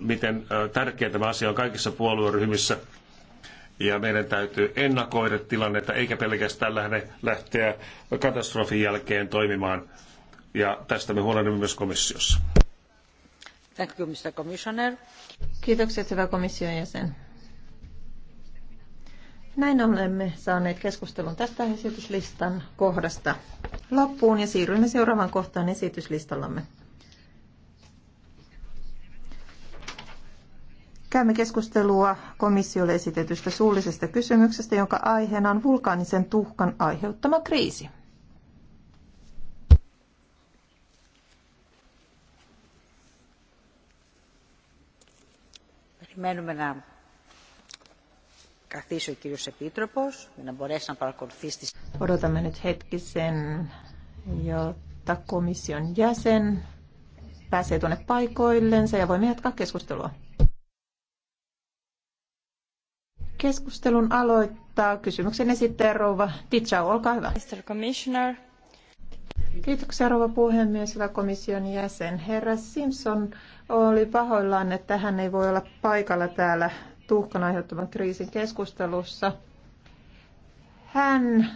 miten tärkeä tämä asia on kaikissa puolueryhmissä. Ja meidän täytyy ennakoida tilannetta, eikä pelkästään lähde, lähteä katastrofin jälkeen toimimaan. Ja tästä me huolehdimme myös komissiossa. Thank you, Mr. Commissioner. Kiitokset, hyvä komission jäsen. Näin olemme saaneet keskustelun tästä esityslistan kohdasta loppuun ja siirrymme seuraavaan kohtaan esityslistallamme. Käymme keskustelua komissiolle esitetystä suullisesta kysymyksestä, jonka aiheena on vulkaanisen tuhkan aiheuttama kriisi. Περιμένουμε να καθίσει ο κύριος Επίτροπος για να μπορέσει να παρακολουθήσει τις... Odotamme nyt hetkisen, jotta komission jäsen pääsee tuonne paikoillensa ja voimme jatkaa keskustelua. Keskustelun aloittaa kysymyksen esittäjä rouva Titsau, olkaa hyvä. Mr. Commissioner. Kiitoksia rouva puhemies, hyvä komission jäsen. Herra Simpson oli pahoillaan, että hän ei voi olla paikalla täällä tuhkan aiheuttaman kriisin keskustelussa. Hän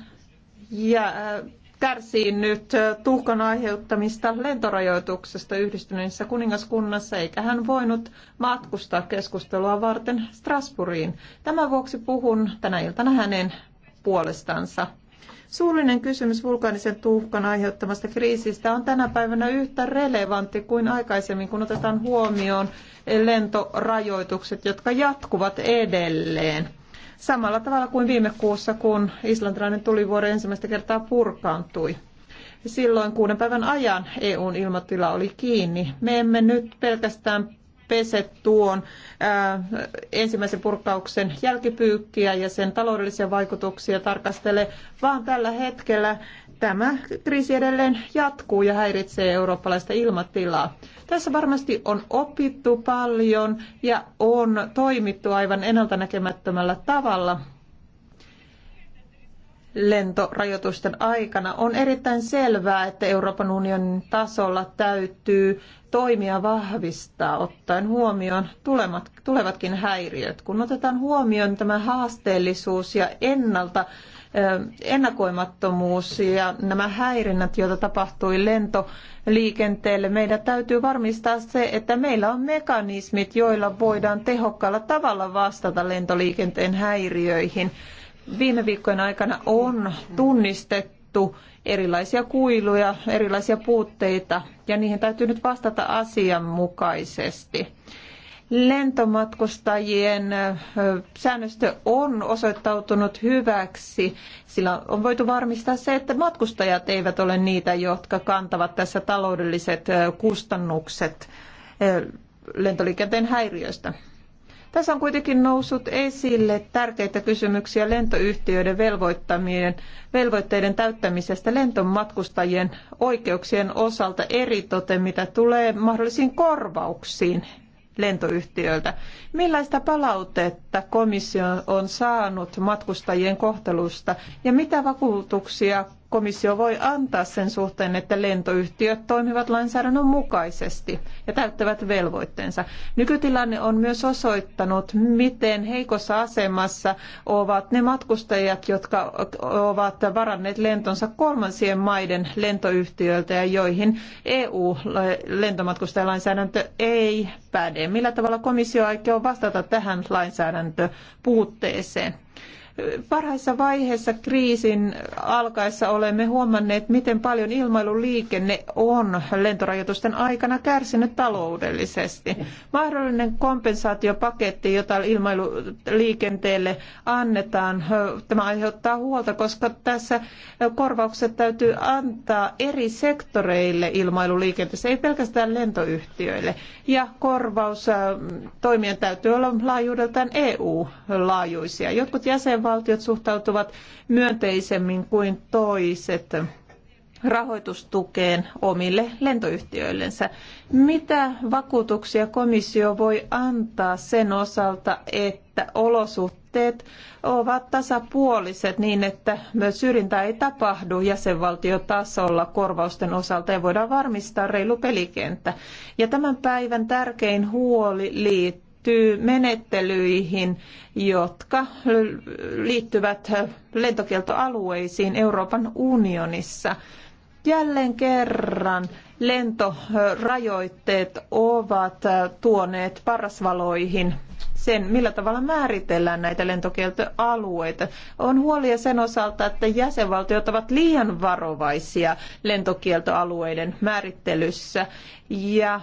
ja äh, kärsii nyt tuhkan aiheuttamista lentorajoituksesta yhdistyneessä kuningaskunnassa, eikä hän voinut matkustaa keskustelua varten Strasbourgiin. Tämän vuoksi puhun tänä iltana hänen puolestansa. Suullinen kysymys vulkaanisen tuhkan aiheuttamasta kriisistä on tänä päivänä yhtä relevantti kuin aikaisemmin, kun otetaan huomioon lentorajoitukset, jotka jatkuvat edelleen samalla tavalla kuin viime kuussa, kun islantilainen tulivuori ensimmäistä kertaa purkaantui. Silloin kuuden päivän ajan EUn ilmatila oli kiinni. Me emme nyt pelkästään pese tuon ää, äh, ensimmäisen purkauksen jälkipyykkiä ja sen taloudellisia vaikutuksia tarkastele, vaan tällä hetkellä tämä kriisi edelleen jatkuu ja häiritsee eurooppalaista ilmatilaa. Tässä varmasti on opittu paljon ja on toimittu aivan ennalta näkemättömällä tavalla lentorajoitusten aikana. On erittäin selvää, että Euroopan unionin tasolla täytyy toimia vahvistaa ottaen huomioon tulevat, tulevatkin häiriöt. Kun otetaan huomioon tämä haasteellisuus ja ennalta ennakoimattomuus ja nämä häirinnät, joita tapahtui lentoliikenteelle. Meidän täytyy varmistaa se, että meillä on mekanismit, joilla voidaan tehokkaalla tavalla vastata lentoliikenteen häiriöihin. Viime viikkojen aikana on tunnistettu erilaisia kuiluja, erilaisia puutteita ja niihin täytyy nyt vastata asianmukaisesti lentomatkustajien säännöstö on osoittautunut hyväksi. Sillä on voitu varmistaa se, että matkustajat eivät ole niitä, jotka kantavat tässä taloudelliset kustannukset lentoliikenteen häiriöistä. Tässä on kuitenkin noussut esille tärkeitä kysymyksiä lentoyhtiöiden velvoittamien, velvoitteiden täyttämisestä lentomatkustajien oikeuksien osalta eritoten, mitä tulee mahdollisiin korvauksiin lentoyhtiöltä. Millaista palautetta komissio on saanut matkustajien kohtelusta ja mitä vakuutuksia komissio voi antaa sen suhteen, että lentoyhtiöt toimivat lainsäädännön mukaisesti ja täyttävät velvoitteensa. Nykytilanne on myös osoittanut, miten heikossa asemassa ovat ne matkustajat, jotka ovat varanneet lentonsa kolmansien maiden lentoyhtiöiltä ja joihin EU-lentomatkustajalainsäädäntö ei päde. Millä tavalla komissio aikoo vastata tähän lainsäädäntöpuutteeseen? Parhaissa vaiheessa kriisin alkaessa olemme huomanneet, miten paljon ilmailuliikenne on lentorajoitusten aikana kärsinyt taloudellisesti. Mahdollinen kompensaatiopaketti, jota ilmailuliikenteelle annetaan, tämä aiheuttaa huolta, koska tässä korvaukset täytyy antaa eri sektoreille ilmailuliikenteessä, ei pelkästään lentoyhtiöille. Ja korvaus täytyy olla laajuudeltaan EU-laajuisia. Jotkut jäsenvaltiot jäsenvaltiot suhtautuvat myönteisemmin kuin toiset rahoitustukeen omille lentoyhtiöillensä. Mitä vakuutuksia komissio voi antaa sen osalta, että olosuhteet ovat tasapuoliset niin, että myös syrjintää ei tapahdu jäsenvaltiotasolla korvausten osalta ja voidaan varmistaa reilu pelikenttä. Ja tämän päivän tärkein huoli liittyy liittyy menettelyihin, jotka liittyvät lentokieltoalueisiin Euroopan unionissa. Jälleen kerran lentorajoitteet ovat tuoneet parasvaloihin sen, millä tavalla määritellään näitä lentokieltoalueita. On huolia sen osalta, että jäsenvaltiot ovat liian varovaisia lentokieltoalueiden määrittelyssä ja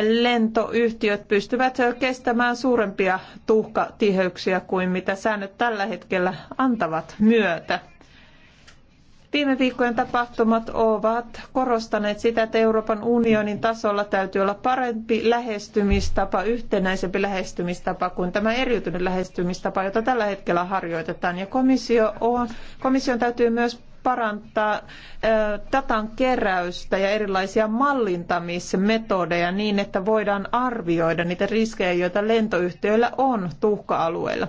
lentoyhtiöt pystyvät kestämään suurempia tuhkatiheyksiä kuin mitä säännöt tällä hetkellä antavat myötä. Viime viikkojen tapahtumat ovat korostaneet sitä, että Euroopan unionin tasolla täytyy olla parempi lähestymistapa, yhtenäisempi lähestymistapa kuin tämä eriytynyt lähestymistapa, jota tällä hetkellä harjoitetaan. Ja komissio on, komission täytyy myös parantaa datan keräystä ja erilaisia mallintamismetodeja niin, että voidaan arvioida niitä riskejä, joita lentoyhtiöillä on tuhka-alueilla.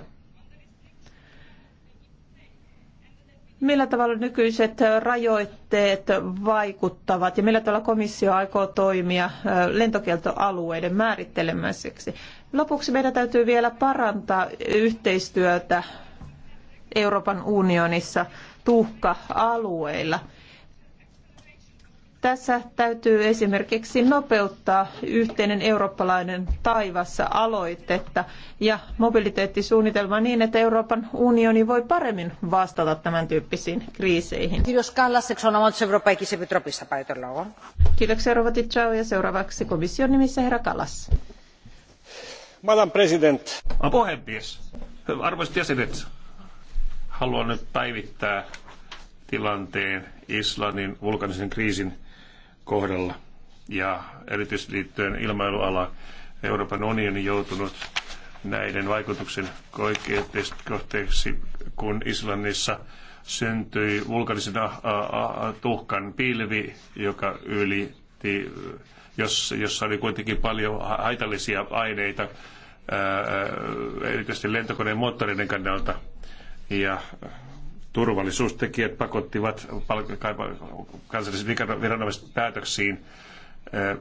Millä tavalla nykyiset rajoitteet vaikuttavat ja millä tavalla komissio aikoo toimia lentokieltoalueiden määrittelemäiseksi? Lopuksi meidän täytyy vielä parantaa yhteistyötä Euroopan unionissa tuhka-alueilla. Tässä täytyy esimerkiksi nopeuttaa yhteinen eurooppalainen taivassa aloitetta ja mobiliteettisuunnitelma niin, että Euroopan unioni voi paremmin vastata tämän tyyppisiin kriiseihin. Kiitoksia Rova Tichau ja seuraavaksi komission nimissä herra Kallas. Madam President. Puhemies, arvoisat jäsenet, haluan nyt päivittää tilanteen Islannin vulkanisen kriisin kohdalla ja erityisesti liittyen ilmailuala Euroopan unioni joutunut näiden vaikutuksen kohteeksi, kun Islannissa syntyi vulkanisen tuhkan pilvi, joka ylitti, jos, jossa oli kuitenkin paljon haitallisia aineita, erityisesti lentokoneen moottoreiden kannalta ja äh, turvallisuustekijät pakottivat kansallisen viranomaiset päätöksiin, äh,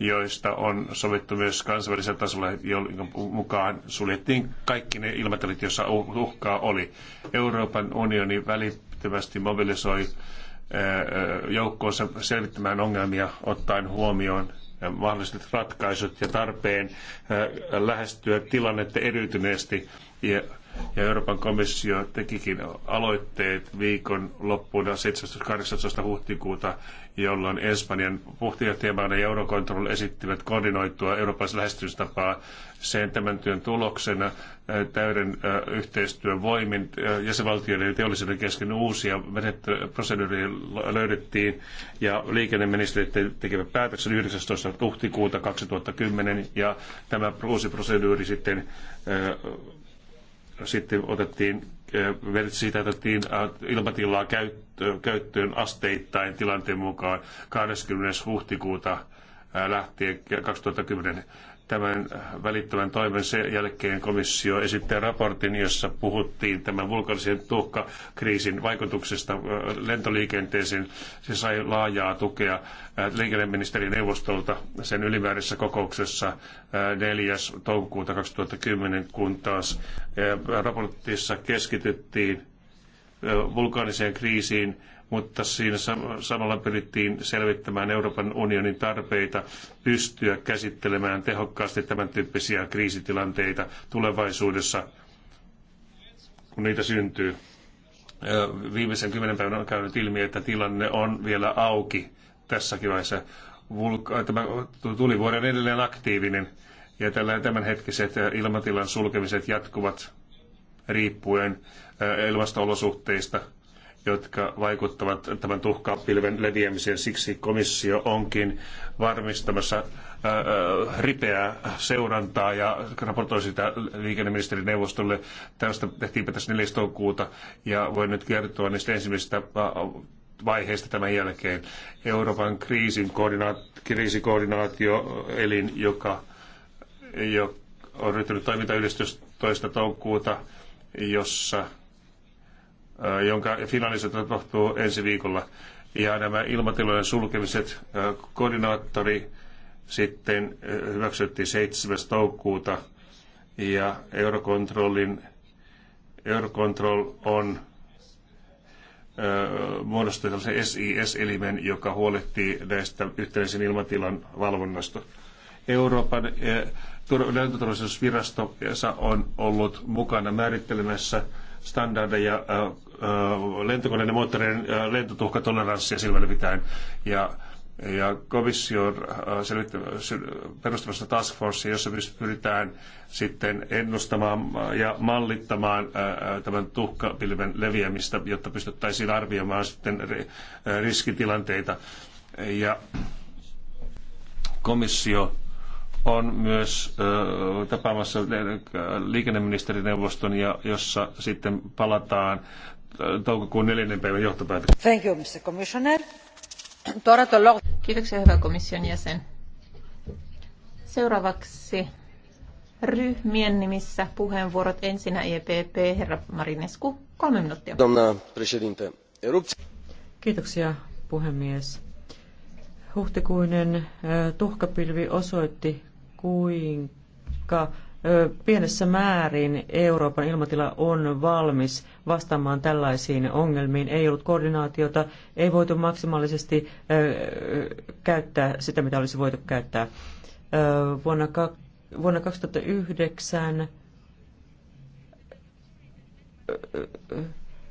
joista on sovittu myös kansainvälisellä tasolla, jonka mukaan suljettiin kaikki ne ilmatilit, joissa uhkaa oli. Euroopan unioni välittömästi mobilisoi äh, joukkoonsa selvittämään ongelmia ottaen huomioon mahdolliset ratkaisut ja tarpeen lähestyä tilannetta eriytyneesti ja ja Euroopan komissio tekikin aloitteet viikon loppuun 17.18. huhtikuuta, jolloin Espanjan puheenjohtajamaana ja Eurocontrol esittivät koordinoitua Euroopan lähestymistapaa. Sen tämän työn tuloksena täyden yhteistyön voimin jäsenvaltioiden ja teollisuuden kesken uusia proseduuria löydettiin ja liikenneministeri tekevät päätöksen 19. huhtikuuta 2010 ja tämä uusi proseduuri sitten sitten otettiin eh, siitä otettiin eh, ilmatilaa käyttöön asteittain tilanteen mukaan 20. huhtikuuta eh, lähtien 2010 tämän välittömän toimen sen jälkeen komissio esitti raportin, jossa puhuttiin tämän vulkanisen tuhkakriisin vaikutuksesta lentoliikenteeseen. Se sai laajaa tukea liikenneministerineuvostolta sen ylimääräisessä kokouksessa 4. toukokuuta 2010, kun taas raportissa keskityttiin vulkaaniseen kriisiin mutta siinä samalla pyrittiin selvittämään Euroopan unionin tarpeita pystyä käsittelemään tehokkaasti tämän tyyppisiä kriisitilanteita tulevaisuudessa, kun niitä syntyy. Viimeisen kymmenen päivän on käynyt ilmi, että tilanne on vielä auki tässäkin vaiheessa. Tämä tulivuori on edelleen aktiivinen ja tällä tämänhetkiset ilmatilan sulkemiset jatkuvat riippuen ilmasto-olosuhteista – jotka vaikuttavat tämän tuhkapilven leviämiseen. Siksi komissio onkin varmistamassa äh, äh, ripeää seurantaa ja raportoi sitä liikenneministerineuvostolle. Tästä tehtiin tässä 4. toukokuuta ja voin nyt kertoa niistä ensimmäisistä äh, vaiheista tämän jälkeen. Euroopan kriisin koordinaat- kriisikoordinaatioelin, joka, on ryhtynyt toiminta 11. toukokuuta, jossa jonka finalisointi tapahtuu ensi viikolla. Ja nämä ilmatilojen sulkemiset, koordinaattori sitten hyväksyttiin 7. toukokuuta ja Eurocontrolin, Eurocontrol on muodostui tällaisen SIS-elimen, joka huolehtii näistä yhteisen ilmatilan valvonnasta. Euroopan näyttöturvallisuusvirasto on ollut mukana määrittelemässä standardeja lentokoneiden moottoreiden lentotuhkatoleranssia silmällä pitäen. Ja ja on perustamassa task force, jossa pyritään sitten ennustamaan ja mallittamaan tämän tuhkapilven leviämistä, jotta pystyttäisiin arvioimaan sitten riskitilanteita. Ja komissio on myös tapaamassa liikenneministerineuvoston, ja jossa sitten palataan toukokuun neljännen päivän johtopäätöksiin. Thank you, Mr. Commissioner. Kiitoksia, hyvä komission jäsen. Seuraavaksi ryhmien nimissä puheenvuorot. ensin EPP, herra Marinescu, kolme minuuttia. Domna Kiitoksia, puhemies. Huhtikuinen tuhkapilvi osoitti, kuinka pienessä määrin Euroopan ilmatila on valmis vastaamaan tällaisiin ongelmiin. Ei ollut koordinaatiota, ei voitu maksimaalisesti käyttää sitä, mitä olisi voitu käyttää. Vuonna, vuonna 2009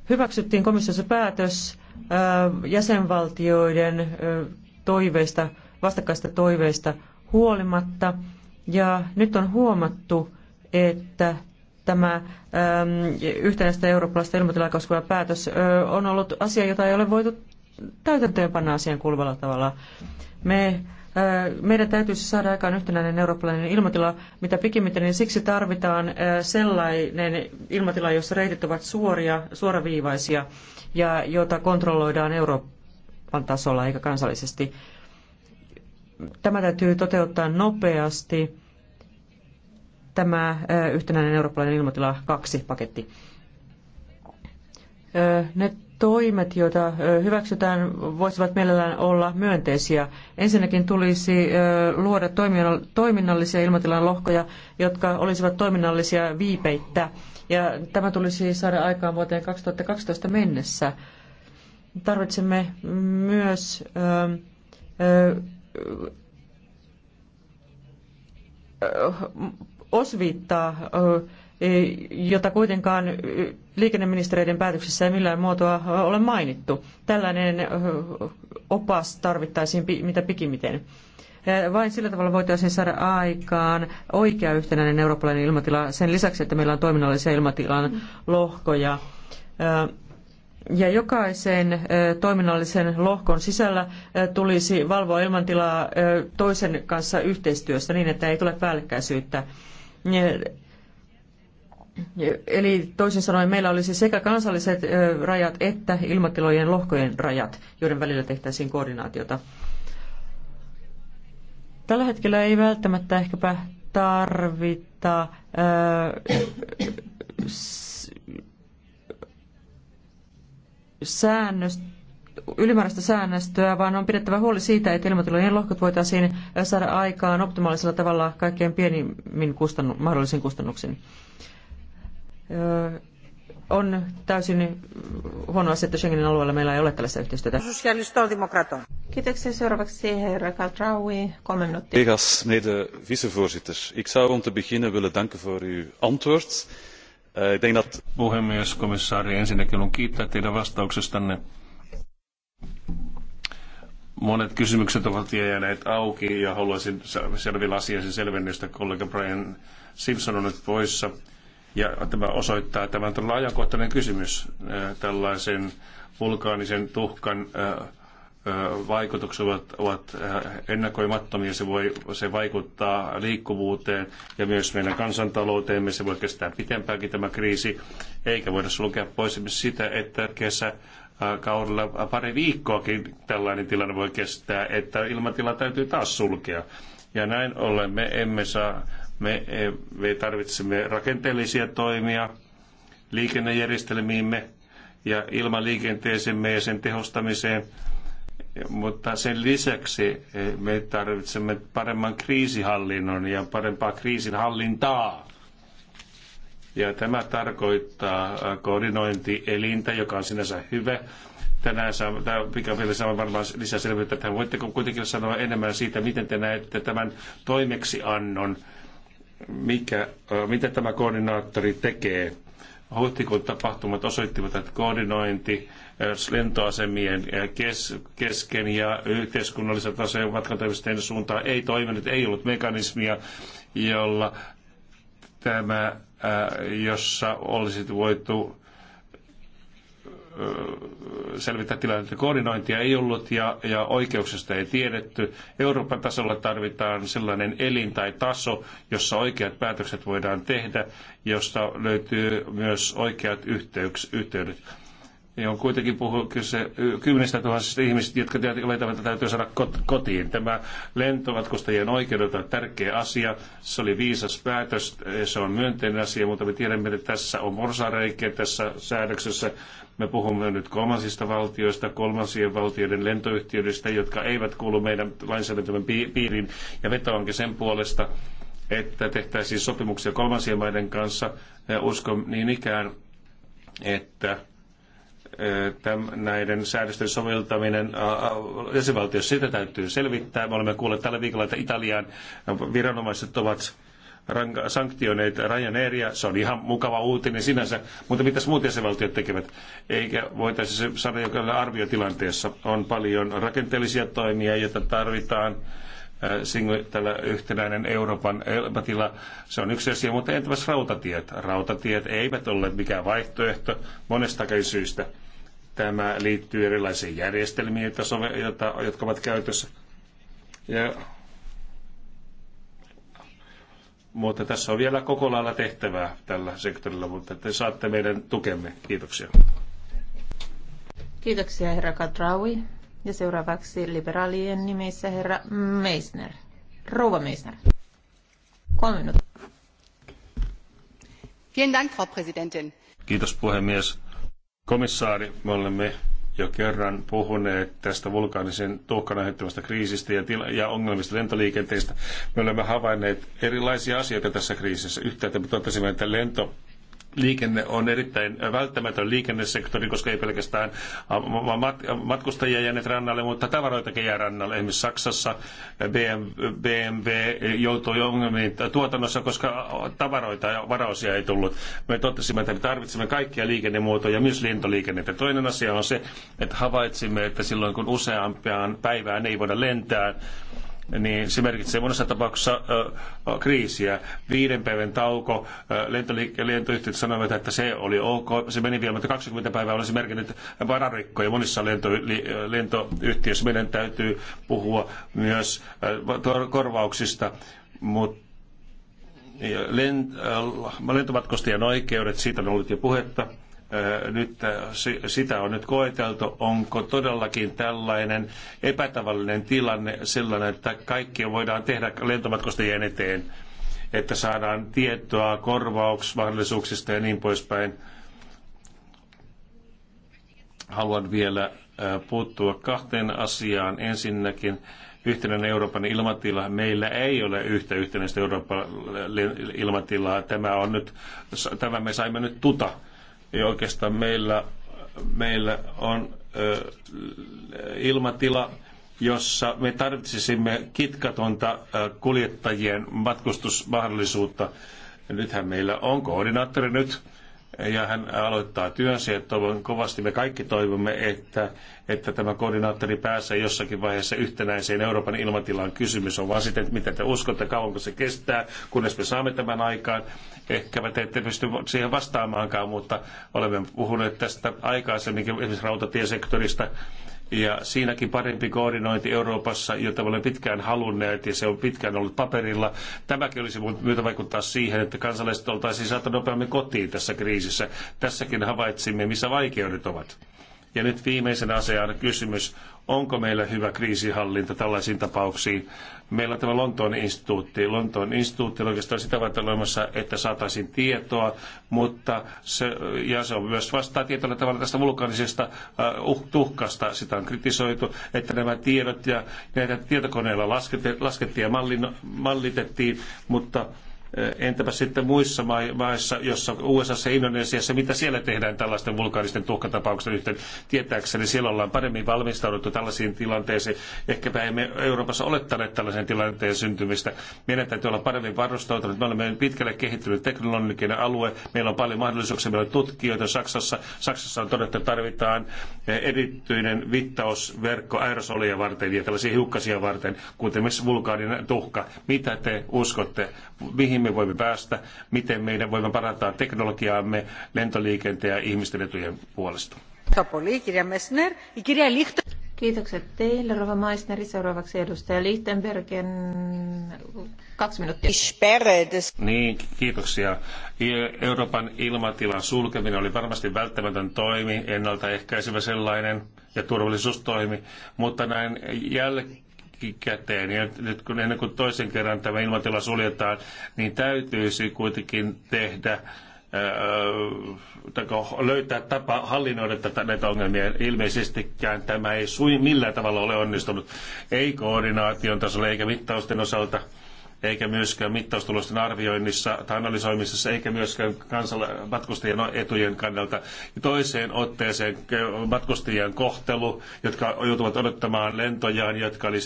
hyväksyttiin komissiossa päätös jäsenvaltioiden toiveista, vastakkaista toiveista huolimatta – ja nyt on huomattu, että tämä ähm, yhtenäistä eurooppalaista ilmatilaa päätös ö, on ollut asia, jota ei ole voitu täytäntöönpanna asian kuuluvalla tavalla. Me, ö, meidän täytyisi siis saada aikaan yhtenäinen eurooppalainen ilmatila, mitä pikimmiten, niin siksi tarvitaan ö, sellainen ilmatila, jossa reitit ovat suoria, suoraviivaisia ja jota kontrolloidaan Euroopan tasolla eikä kansallisesti. Tämä täytyy toteuttaa nopeasti tämä yhtenäinen eurooppalainen ilmatila 2 paketti. Ne toimet, joita hyväksytään, voisivat mielellään olla myönteisiä. Ensinnäkin tulisi luoda toiminnallisia ilmatilan lohkoja, jotka olisivat toiminnallisia viipeittä. Ja tämä tulisi saada aikaan vuoteen 2012 mennessä. Tarvitsemme myös osviittaa, e, jota kuitenkaan liikenneministereiden päätöksissä ei millään muotoa ole mainittu. Tällainen opas tarvittaisiin mitä pikimiten. E, vain sillä tavalla voitaisiin saada aikaan oikea yhtenäinen eurooppalainen ilmatila sen lisäksi, että meillä on toiminnallisia ilmatilan lohkoja. E, ja jokaisen toiminnallisen lohkon sisällä tulisi valvoa ilmantilaa toisen kanssa yhteistyössä niin, että ei tule päällekkäisyyttä. Eli toisin sanoen meillä olisi sekä kansalliset rajat että ilmatilojen lohkojen rajat, joiden välillä tehtäisiin koordinaatiota. Tällä hetkellä ei välttämättä ehkäpä tarvita säännöstä ylimääräistä säännöstöä, vaan on pidettävä huoli siitä, että ilmatilojen lohkot voitaisiin saada aikaan optimaalisella tavalla kaikkein pienimmin kustannu- mahdollisin kustannuksin. Öö, on täysin huono asia, että Schengenin alueella meillä ei ole tällaista yhteistyötä. Kiitoksia seuraavaksi herra Kaltraui, kolme minuuttia. Collega's, mede vicevoorzitter, ik zou om te beginnen willen danken voor uw antwoord. Uh, ik denk dat... Puhemies, komissaari, ensinnäkin haluan kiittää teidän vastauksestanne. Monet kysymykset ovat jääneet auki ja haluaisin selvillä asiasi selvennystä. Kollega Brian Simpson on nyt poissa. Ja tämä osoittaa, että tämä on todella ajankohtainen kysymys tällaisen vulkaanisen tuhkan vaikutukset ovat, ovat ennakoimattomia. Se, voi, se vaikuttaa liikkuvuuteen ja myös meidän kansantalouteemme. Se voi kestää pitempäänkin tämä kriisi, eikä voida sulkea pois sitä, että kesä Äh, kaudella pari viikkoakin tällainen tilanne voi kestää, että ilmatila täytyy taas sulkea. Ja näin ollen me emme saa, me, e, me tarvitsemme rakenteellisia toimia liikennejärjestelmiimme ja ilmaliikenteeseemme ja sen tehostamiseen, mutta sen lisäksi e, me tarvitsemme paremman kriisihallinnon ja parempaa kriisinhallintaa ja tämä tarkoittaa äh, koordinointielintä, joka on sinänsä hyvä. Tänään saamme, mikä vielä saa varmaan lisää selvyyttä tähän. Voitteko kuitenkin sanoa enemmän siitä, miten te näette tämän toimeksiannon, mikä, äh, mitä tämä koordinaattori tekee? huhtikuun tapahtumat osoittivat, että koordinointi äh, lentoasemien kes, kesken ja yhteiskunnalliset aseen matkantoimisten suuntaan ei toiminut, ei ollut mekanismia, jolla tämä Äh, jossa olisi voitu äh, selvittää tilannetta. Koordinointia ei ollut ja, ja oikeuksista ei tiedetty. Euroopan tasolla tarvitaan sellainen elin tai taso, jossa oikeat päätökset voidaan tehdä, josta löytyy myös oikeat yhteyks, yhteydet niin on kuitenkin puhu, kyse kymmenistä tuhansista ihmisistä, jotka että täytyy saada kotiin. Tämä lentomatkustajien oikeudet on tärkeä asia. Se oli viisas päätös, se on myönteinen asia, mutta me tiedämme, että tässä on porsareikiä tässä säädöksessä. Me puhumme nyt kolmansista valtioista, kolmansien valtioiden lentoyhtiöistä, jotka eivät kuulu meidän lainsäädäntömme piiriin. Ja vetoankin sen puolesta, että tehtäisiin sopimuksia kolmansien maiden kanssa. Ja uskon niin ikään, että näiden säädösten soveltaminen jäsenvaltiossa, sitä täytyy selvittää. Me olemme kuulleet tällä viikolla, että Italian viranomaiset ovat sanktioineet Ryanairia. Se on ihan mukava uutinen sinänsä, mutta mitäs muut jäsenvaltiot tekevät? Eikä voitaisi se saada jokaisella arviotilanteessa. On paljon rakenteellisia toimia, joita tarvitaan tällä yhtenäinen Euroopan elämätila, se on yksi asia, mutta entäpäs rautatiet? Rautatiet eivät ole mikään vaihtoehto monestakin syystä. Tämä liittyy erilaisiin järjestelmiin, jotka ovat käytössä. Ja mutta tässä on vielä koko lailla tehtävää tällä sektorilla, mutta te saatte meidän tukemme. Kiitoksia. Kiitoksia herra Katraui. Ja seuraavaksi liberaalien nimissä herra Meisner. Rouva Meisner. Kolme minuuttia. Vielen Dank, Frau Präsidentin. Kiitos puhemies. Komissaari, me olemme jo kerran puhuneet tästä vulkaanisen tuhkan aiheuttamasta kriisistä ja, tila- ja ongelmista lentoliikenteestä. Me olemme havainneet erilaisia asioita tässä kriisissä. Yhtäältä me totesimme, että lento liikenne on erittäin välttämätön liikennesektori, koska ei pelkästään matkustajia jääneet rannalle, mutta tavaroitakin jää rannalle. Esimerkiksi Saksassa BMW joutui ongelmiin tuotannossa, koska tavaroita ja varaosia ei tullut. Me totesimme, että me tarvitsemme kaikkia liikennemuotoja, myös lentoliikennettä. Toinen asia on se, että havaitsimme, että silloin kun useampaan päivään ei voida lentää, niin se merkitsee monessa tapauksessa ö, kriisiä. Viiden päivän tauko, lentoyhtiöt sanoivat, että se oli ok, se meni vielä, mutta 20 päivää olisi merkinnyt vararikkoja monissa lento- li- lentoyhtiöissä. Meidän täytyy puhua myös ö, korvauksista, mutta lentomatkustajan oikeudet, siitä on ollut jo puhetta nyt, sitä on nyt koeteltu, onko todellakin tällainen epätavallinen tilanne sellainen, että kaikkia voidaan tehdä lentomatkustajien eteen, että saadaan tietoa korvauksmahdollisuuksista ja niin poispäin. Haluan vielä puuttua kahteen asiaan. Ensinnäkin yhtenäinen Euroopan ilmatila. Meillä ei ole yhtä yhtenäistä Euroopan ilmatilaa. Tämä, on nyt, tämä me saimme nyt tuta ja niin oikeastaan meillä, meillä on ö, ilmatila, jossa me tarvitsisimme kitkatonta kuljettajien matkustusmahdollisuutta. nythän meillä on koordinaattori nyt, ja hän aloittaa työnsä. Ja toivon kovasti, me kaikki toivomme, että, että tämä koordinaattori pääsee jossakin vaiheessa yhtenäiseen Euroopan ilmatilaan. Kysymys on vaan sitten, että te uskotte, kauanko se kestää, kunnes me saamme tämän aikaan. Ehkä te ette pysty siihen vastaamaankaan, mutta olemme puhuneet tästä aikaisemmin esimerkiksi rautatiesektorista. Ja siinäkin parempi koordinointi Euroopassa, jota olemme pitkään halunneet, ja se on pitkään ollut paperilla. Tämäkin olisi myötä vaikuttaa siihen, että kansalaiset oltaisiin saatu nopeammin kotiin tässä kriisissä. Tässäkin havaitsimme, missä vaikeudet ovat. Ja nyt viimeisenä asiana kysymys, onko meillä hyvä kriisihallinta tällaisiin tapauksiin? Meillä on tämä Lontoon instituutti. Lontoon instituutti on oikeastaan sitä varten olemassa, että saataisiin tietoa, mutta se, ja se on myös vastaa tietyllä tavalla tästä vulkaanisesta äh, uh, tuhkasta. Sitä on kritisoitu, että nämä tiedot ja näitä tietokoneilla laskettiin ja mallitettiin, mutta Eh, entäpä sitten muissa maissa, jossa USA ja Indonesiassa, mitä siellä tehdään tällaisten vulkaanisten tuhkatapauksen yhteen? Tietääkseni siellä ollaan paremmin valmistauduttu tällaisiin tilanteisiin. Ehkäpä emme Euroopassa olettaneet tällaisen tilanteen syntymistä. Meidän täytyy olla paremmin varustautuneet. Me olemme pitkälle kehittynyt teknologinen alue. Meillä on paljon mahdollisuuksia. Meillä on tutkijoita Saksassa. Saksassa on todettu, että tarvitaan eh, erityinen vittausverkko aerosolia varten ja tällaisia hiukkasia varten, kuten esimerkiksi vulkaaninen tuhka. Mitä te uskotte? Mihin mihin me voimme päästä, miten meidän voimme parantaa teknologiaamme lentoliikenteen ja ihmisten etujen puolesta. Kiitokset teille, Rova Meissner. Seuraavaksi edustaja Lichtenbergen. Kaksi minuuttia. Niin, kiitoksia. Euroopan ilmatilan sulkeminen oli varmasti välttämätön toimi, ennaltaehkäisevä sellainen ja turvallisuustoimi, mutta näin jälkeen käteen. Ja nyt kun ennen kuin toisen kerran tämä ilmatila suljetaan, niin täytyisi kuitenkin tehdä äh, löytää tapa hallinnoida tätä, näitä ongelmia. Ilmeisestikään tämä ei sui millään tavalla ole onnistunut, ei koordinaation tasolla eikä mittausten osalta eikä myöskään mittaustulosten arvioinnissa tai analysoimisessa, eikä myöskään kansala- matkustajien no, etujen kannalta. Toiseen otteeseen matkustajien kohtelu, jotka joutuvat odottamaan lentojaan, jotka oli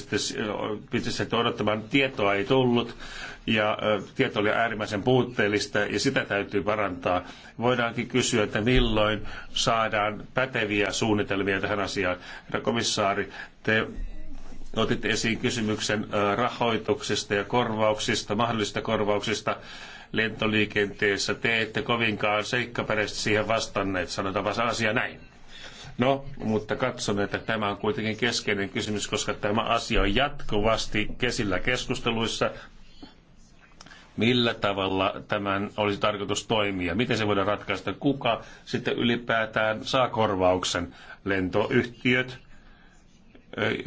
piti sitten odottamaan, tietoa ei tullut ja tieto oli äärimmäisen puutteellista ja sitä täytyy parantaa. Voidaankin kysyä, että milloin saadaan päteviä suunnitelmia tähän asiaan. Herra komissaari, te otitte esiin kysymyksen rahoituksesta ja korvauksista, mahdollisista korvauksista lentoliikenteessä. Te ette kovinkaan seikkaperäisesti siihen vastanneet, sanotaanpa se asia näin. No, mutta katson, että tämä on kuitenkin keskeinen kysymys, koska tämä asia on jatkuvasti kesillä keskusteluissa. Millä tavalla tämän olisi tarkoitus toimia? Miten se voidaan ratkaista? Kuka sitten ylipäätään saa korvauksen? Lentoyhtiöt,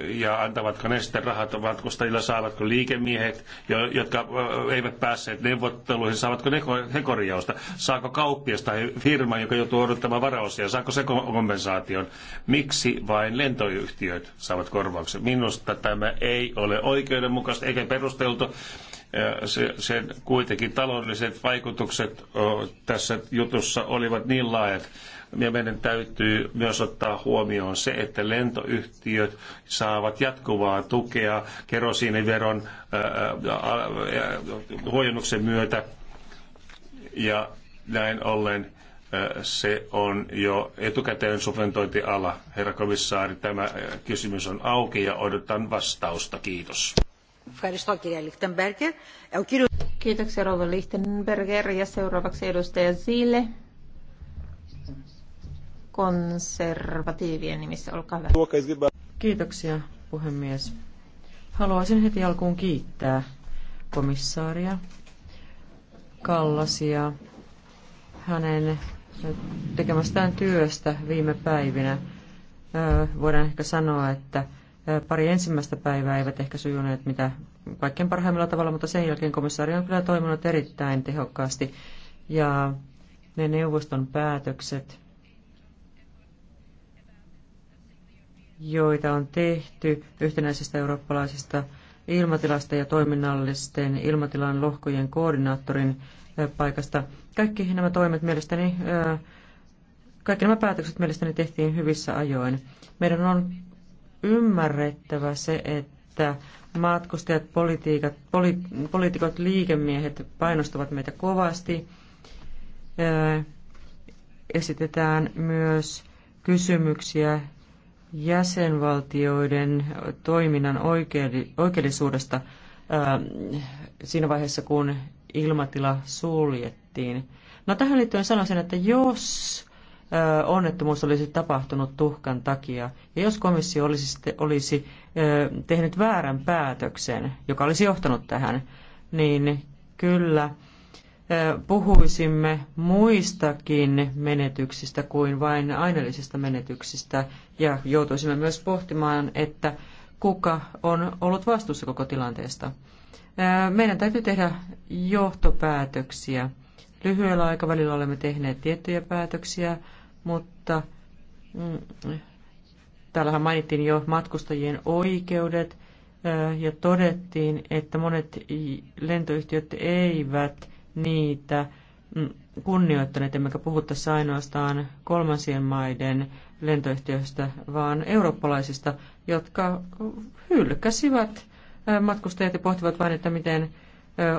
ja antavatko ne sitten rahat matkustajilla, saavatko liikemiehet, jotka eivät päässeet neuvotteluihin, saavatko ne, he korjausta, saako kauppias tai firma, joka joutuu odottamaan varaosia, saako se kompensaation. Miksi vain lentoyhtiöt saavat korvauksen? Minusta tämä ei ole oikeudenmukaista eikä perusteltu. sen kuitenkin taloudelliset vaikutukset tässä jutussa olivat niin laajat, ja meidän täytyy myös ottaa huomioon se, että lentoyhtiöt saavat jatkuvaa tukea kerosiiniveron huojennuksen myötä. Ja näin ollen se on jo etukäteen subventointiala. Herra komissaari, tämä kysymys on auki ja odotan vastausta. Kiitos. Kiitoksia Rova Lichtenberger ja seuraavaksi edustaja Zille konservatiivien nimissä. Olkaa hyvä. Kiitoksia, puhemies. Haluaisin heti alkuun kiittää komissaaria Kallasia hänen tekemästään työstä viime päivinä. Voidaan ehkä sanoa, että pari ensimmäistä päivää eivät ehkä sujuneet mitä kaikkein parhaimmilla tavalla, mutta sen jälkeen komissaari on kyllä toiminut erittäin tehokkaasti. Ja ne neuvoston päätökset, joita on tehty yhtenäisestä eurooppalaisesta ilmatilasta ja toiminnallisten ilmatilan lohkojen koordinaattorin paikasta. Kaikki nämä toimet mielestäni, kaikki nämä päätökset mielestäni tehtiin hyvissä ajoin. Meidän on ymmärrettävä se, että matkustajat, politiikat, poli, poliitikot, liikemiehet painostavat meitä kovasti. Esitetään myös kysymyksiä jäsenvaltioiden toiminnan oikeellisuudesta äh, siinä vaiheessa, kun ilmatila suljettiin. No tähän liittyen sanoisin, että jos äh, onnettomuus olisi tapahtunut tuhkan takia, ja jos komissio olisi, olisi äh, tehnyt väärän päätöksen, joka olisi johtanut tähän, niin kyllä – puhuisimme muistakin menetyksistä kuin vain aineellisista menetyksistä ja joutuisimme myös pohtimaan, että kuka on ollut vastuussa koko tilanteesta. Meidän täytyy tehdä johtopäätöksiä. Lyhyellä aikavälillä olemme tehneet tiettyjä päätöksiä, mutta mm, täällähän mainittiin jo matkustajien oikeudet ja todettiin, että monet lentoyhtiöt eivät niitä mm, kunnioittaneet, emmekä puhu tässä ainoastaan kolmansien maiden lentoyhtiöistä, vaan eurooppalaisista, jotka hylkäsivät matkustajat ja pohtivat vain, että miten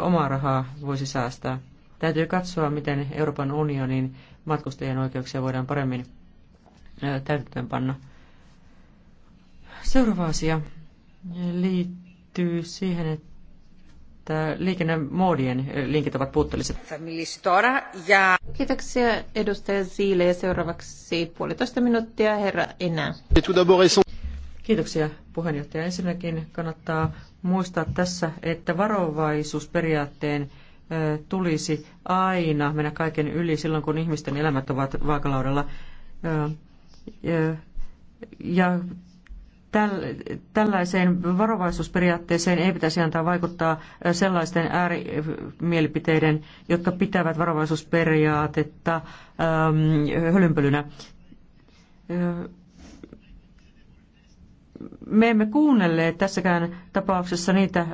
omaa rahaa voisi säästää. Täytyy katsoa, miten Euroopan unionin matkustajien oikeuksia voidaan paremmin täytäntöönpanna. Seuraava asia liittyy siihen, että liikennemoodien linkit ovat puutteelliset. Kiitoksia edustaja Siile ja seuraavaksi puolitoista minuuttia herra Enää. Kiitoksia puheenjohtaja. Ensinnäkin kannattaa muistaa tässä, että varovaisuusperiaatteen tulisi aina mennä kaiken yli silloin, kun ihmisten elämät ovat vaakalaudalla. Ja tällaiseen varovaisuusperiaatteeseen ei pitäisi antaa vaikuttaa sellaisten äärimielipiteiden, jotka pitävät varovaisuusperiaatetta hölynpölynä me emme kuunnelleet tässäkään tapauksessa niitä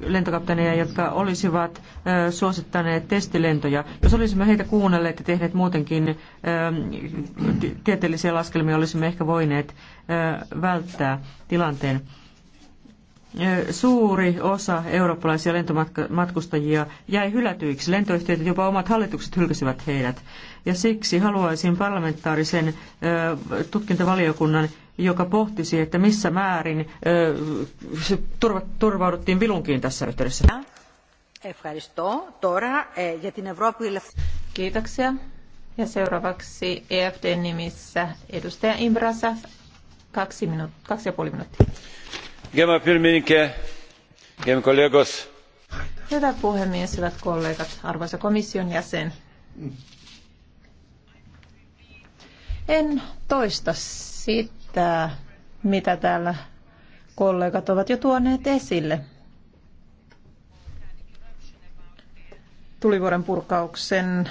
lentokapteeneja, jotka olisivat suosittaneet testilentoja. Jos olisimme heitä kuunnelleet ja tehneet muutenkin tieteellisiä laskelmia, olisimme ehkä voineet välttää tilanteen suuri osa eurooppalaisia lentomatkustajia jäi hylätyiksi. Lentoyhtiöt jopa omat hallitukset hylkäsivät heidät. Ja siksi haluaisin parlamentaarisen tutkintavaliokunnan, joka pohtisi, että missä määrin turvauduttiin vilunkiin tässä yhteydessä. Kiitoksia. Ja seuraavaksi EFD-nimissä edustaja Imbrasa, kaksi, minuut- kaksi ja puoli minuuttia. Hyvä puhemies, hyvät kollegat, arvoisa komission jäsen. En toista sitä, mitä täällä kollegat ovat jo tuoneet esille. Tulivuoren purkauksen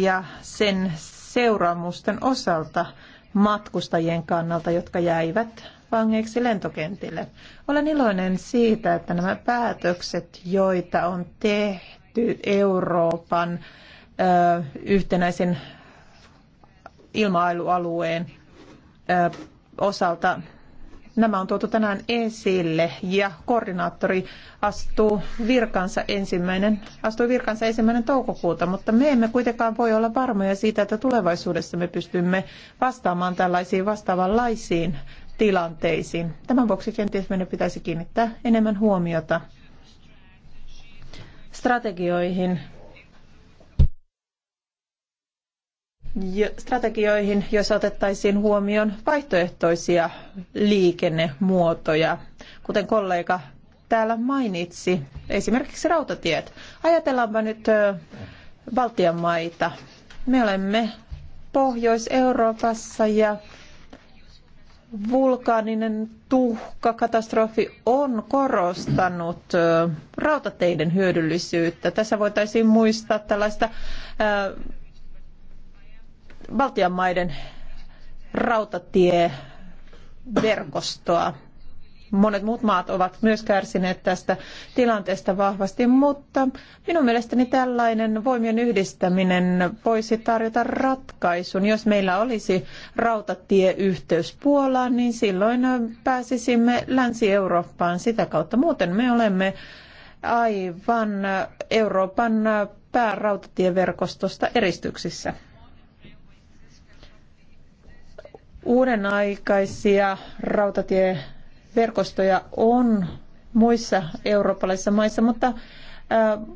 ja sen seuraamusten osalta matkustajien kannalta, jotka jäivät vangeiksi lentokentille. Olen iloinen siitä, että nämä päätökset, joita on tehty Euroopan ö, yhtenäisen ilmailualueen ö, osalta Nämä on tuotu tänään esille ja koordinaattori astuu virkansa ensimmäinen, astuu virkansa ensimmäinen toukokuuta, mutta me emme kuitenkaan voi olla varmoja siitä, että tulevaisuudessa me pystymme vastaamaan tällaisiin vastaavanlaisiin tilanteisiin. Tämän vuoksi kenties meidän pitäisi kiinnittää enemmän huomiota strategioihin, strategioihin, joissa otettaisiin huomioon vaihtoehtoisia liikennemuotoja, kuten kollega täällä mainitsi, esimerkiksi rautatiet. Ajatellaanpa nyt Baltian maita. Me olemme Pohjois-Euroopassa ja vulkaaninen tuhkakatastrofi on korostanut rautateiden hyödyllisyyttä. Tässä voitaisiin muistaa tällaista Baltian maiden rautatieverkostoa. Monet muut maat ovat myös kärsineet tästä tilanteesta vahvasti, mutta minun mielestäni tällainen voimien yhdistäminen voisi tarjota ratkaisun. Jos meillä olisi rautatieyhteys Puolaan, niin silloin pääsisimme Länsi-Eurooppaan sitä kautta. Muuten me olemme aivan Euroopan päärautatieverkostosta eristyksissä. Uuden aikaisia rautatieverkostoja on muissa eurooppalaisissa maissa, mutta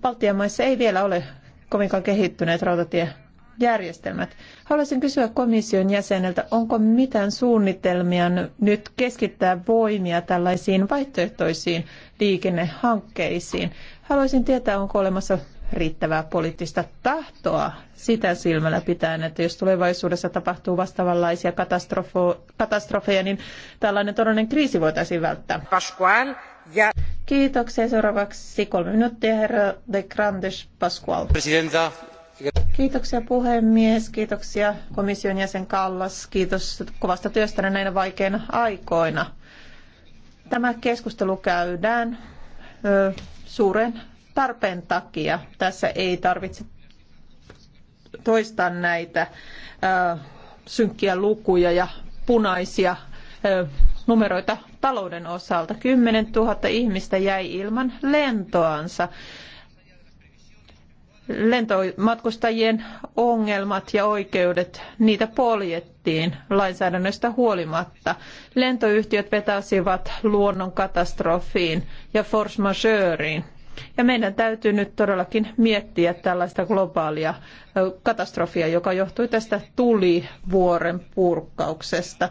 Baltian maissa ei vielä ole kovinkaan kehittyneet rautatiejärjestelmät. Haluaisin kysyä komission jäseneltä, onko mitään suunnitelmia nyt keskittää voimia tällaisiin vaihtoehtoisiin liikennehankkeisiin? Haluaisin tietää, onko olemassa riittävää poliittista tahtoa sitä silmällä pitäen, että jos tulevaisuudessa tapahtuu vastaavanlaisia katastrofeja, niin tällainen todellinen kriisi voitaisiin välttää. Pascual ja... Kiitoksia. Seuraavaksi kolme minuuttia, herra de Grandes Pascual. Presidenta. Kiitoksia puhemies, kiitoksia komission jäsen Kallas, kiitos kovasta työstä näinä vaikeina aikoina. Tämä keskustelu käydään suuren tarpeen takia. Tässä ei tarvitse toistaa näitä synkkiä lukuja ja punaisia numeroita talouden osalta. 10 000 ihmistä jäi ilman lentoansa. Lentomatkustajien ongelmat ja oikeudet, niitä poljettiin lainsäädännöstä huolimatta. Lentoyhtiöt vetäsivät luonnon katastrofiin ja force majeureen. Ja meidän täytyy nyt todellakin miettiä tällaista globaalia katastrofia, joka johtui tästä tulivuoren purkauksesta.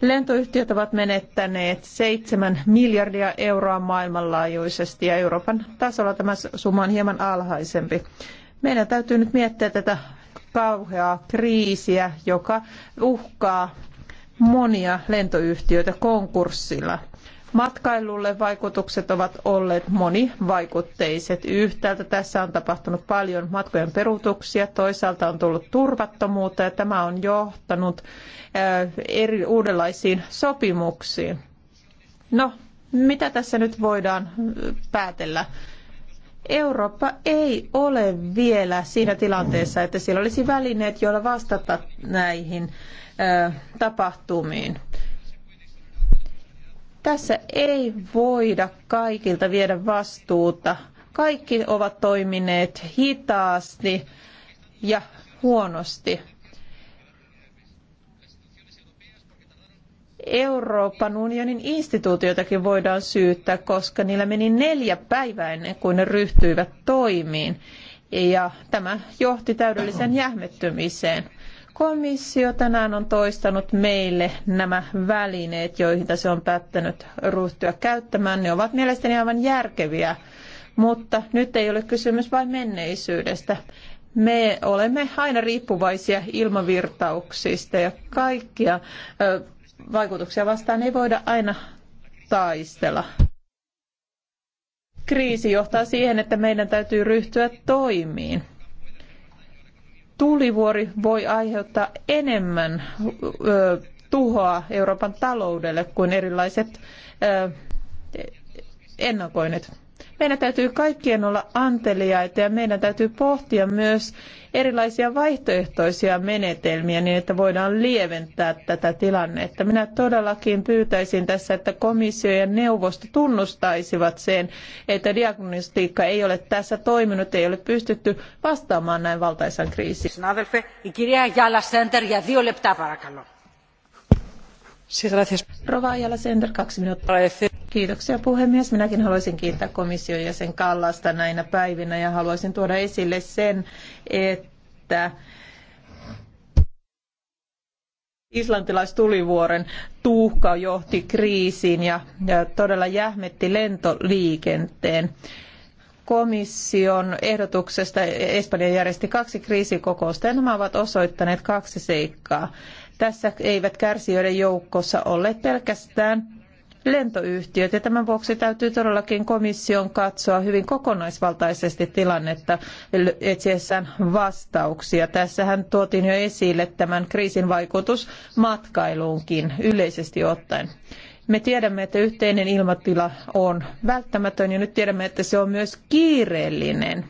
Lentoyhtiöt ovat menettäneet 7 miljardia euroa maailmanlaajuisesti ja Euroopan tasolla tämä summa on hieman alhaisempi. Meidän täytyy nyt miettiä tätä kauheaa kriisiä, joka uhkaa monia lentoyhtiöitä konkurssilla. Matkailulle vaikutukset ovat olleet monivaikutteiset. Yhtäältä tässä on tapahtunut paljon matkojen peruutuksia, toisaalta on tullut turvattomuutta ja tämä on johtanut äh, eri uudenlaisiin sopimuksiin. No, mitä tässä nyt voidaan äh, päätellä? Eurooppa ei ole vielä siinä tilanteessa, että siellä olisi välineet, joilla vastata näihin äh, tapahtumiin. Tässä ei voida kaikilta viedä vastuuta. Kaikki ovat toimineet hitaasti ja huonosti. Euroopan unionin instituutioitakin voidaan syyttää, koska niillä meni neljä päivää ennen kuin ne ryhtyivät toimiin. Ja tämä johti täydelliseen jähmettymiseen. Komissio tänään on toistanut meille nämä välineet, joihin se on päättänyt ryhtyä käyttämään. Ne ovat mielestäni aivan järkeviä, mutta nyt ei ole kysymys vain menneisyydestä. Me olemme aina riippuvaisia ilmavirtauksista ja kaikkia vaikutuksia vastaan ei voida aina taistella. Kriisi johtaa siihen, että meidän täytyy ryhtyä toimiin tulivuori voi aiheuttaa enemmän tuhoa Euroopan taloudelle kuin erilaiset ennakoinnit. Meidän täytyy kaikkien olla anteliaita ja meidän täytyy pohtia myös erilaisia vaihtoehtoisia menetelmiä niin, että voidaan lieventää tätä tilannetta. Minä todellakin pyytäisin tässä, että komissio ja neuvosto tunnustaisivat sen, että diagnostiikka ei ole tässä toiminut, ei ole pystytty vastaamaan näin valtaisaan kriisiin arvoisa Kiitoksia puhemies. Minäkin haluaisin kiittää komission jäsen Kallasta näinä päivinä ja haluaisin tuoda esille sen, että islantilaistulivuoren tuhka johti kriisiin ja, ja todella jähmetti lentoliikenteen komission ehdotuksesta Espanja järjesti kaksi kriisikokousta ja nämä ovat osoittaneet kaksi seikkaa. Tässä eivät kärsijöiden joukossa olleet pelkästään lentoyhtiöt ja tämän vuoksi täytyy todellakin komission katsoa hyvin kokonaisvaltaisesti tilannetta etsiessään vastauksia. Tässähän tuotiin jo esille tämän kriisin vaikutus matkailuunkin yleisesti ottaen. Me tiedämme, että yhteinen ilmatila on välttämätön ja nyt tiedämme, että se on myös kiireellinen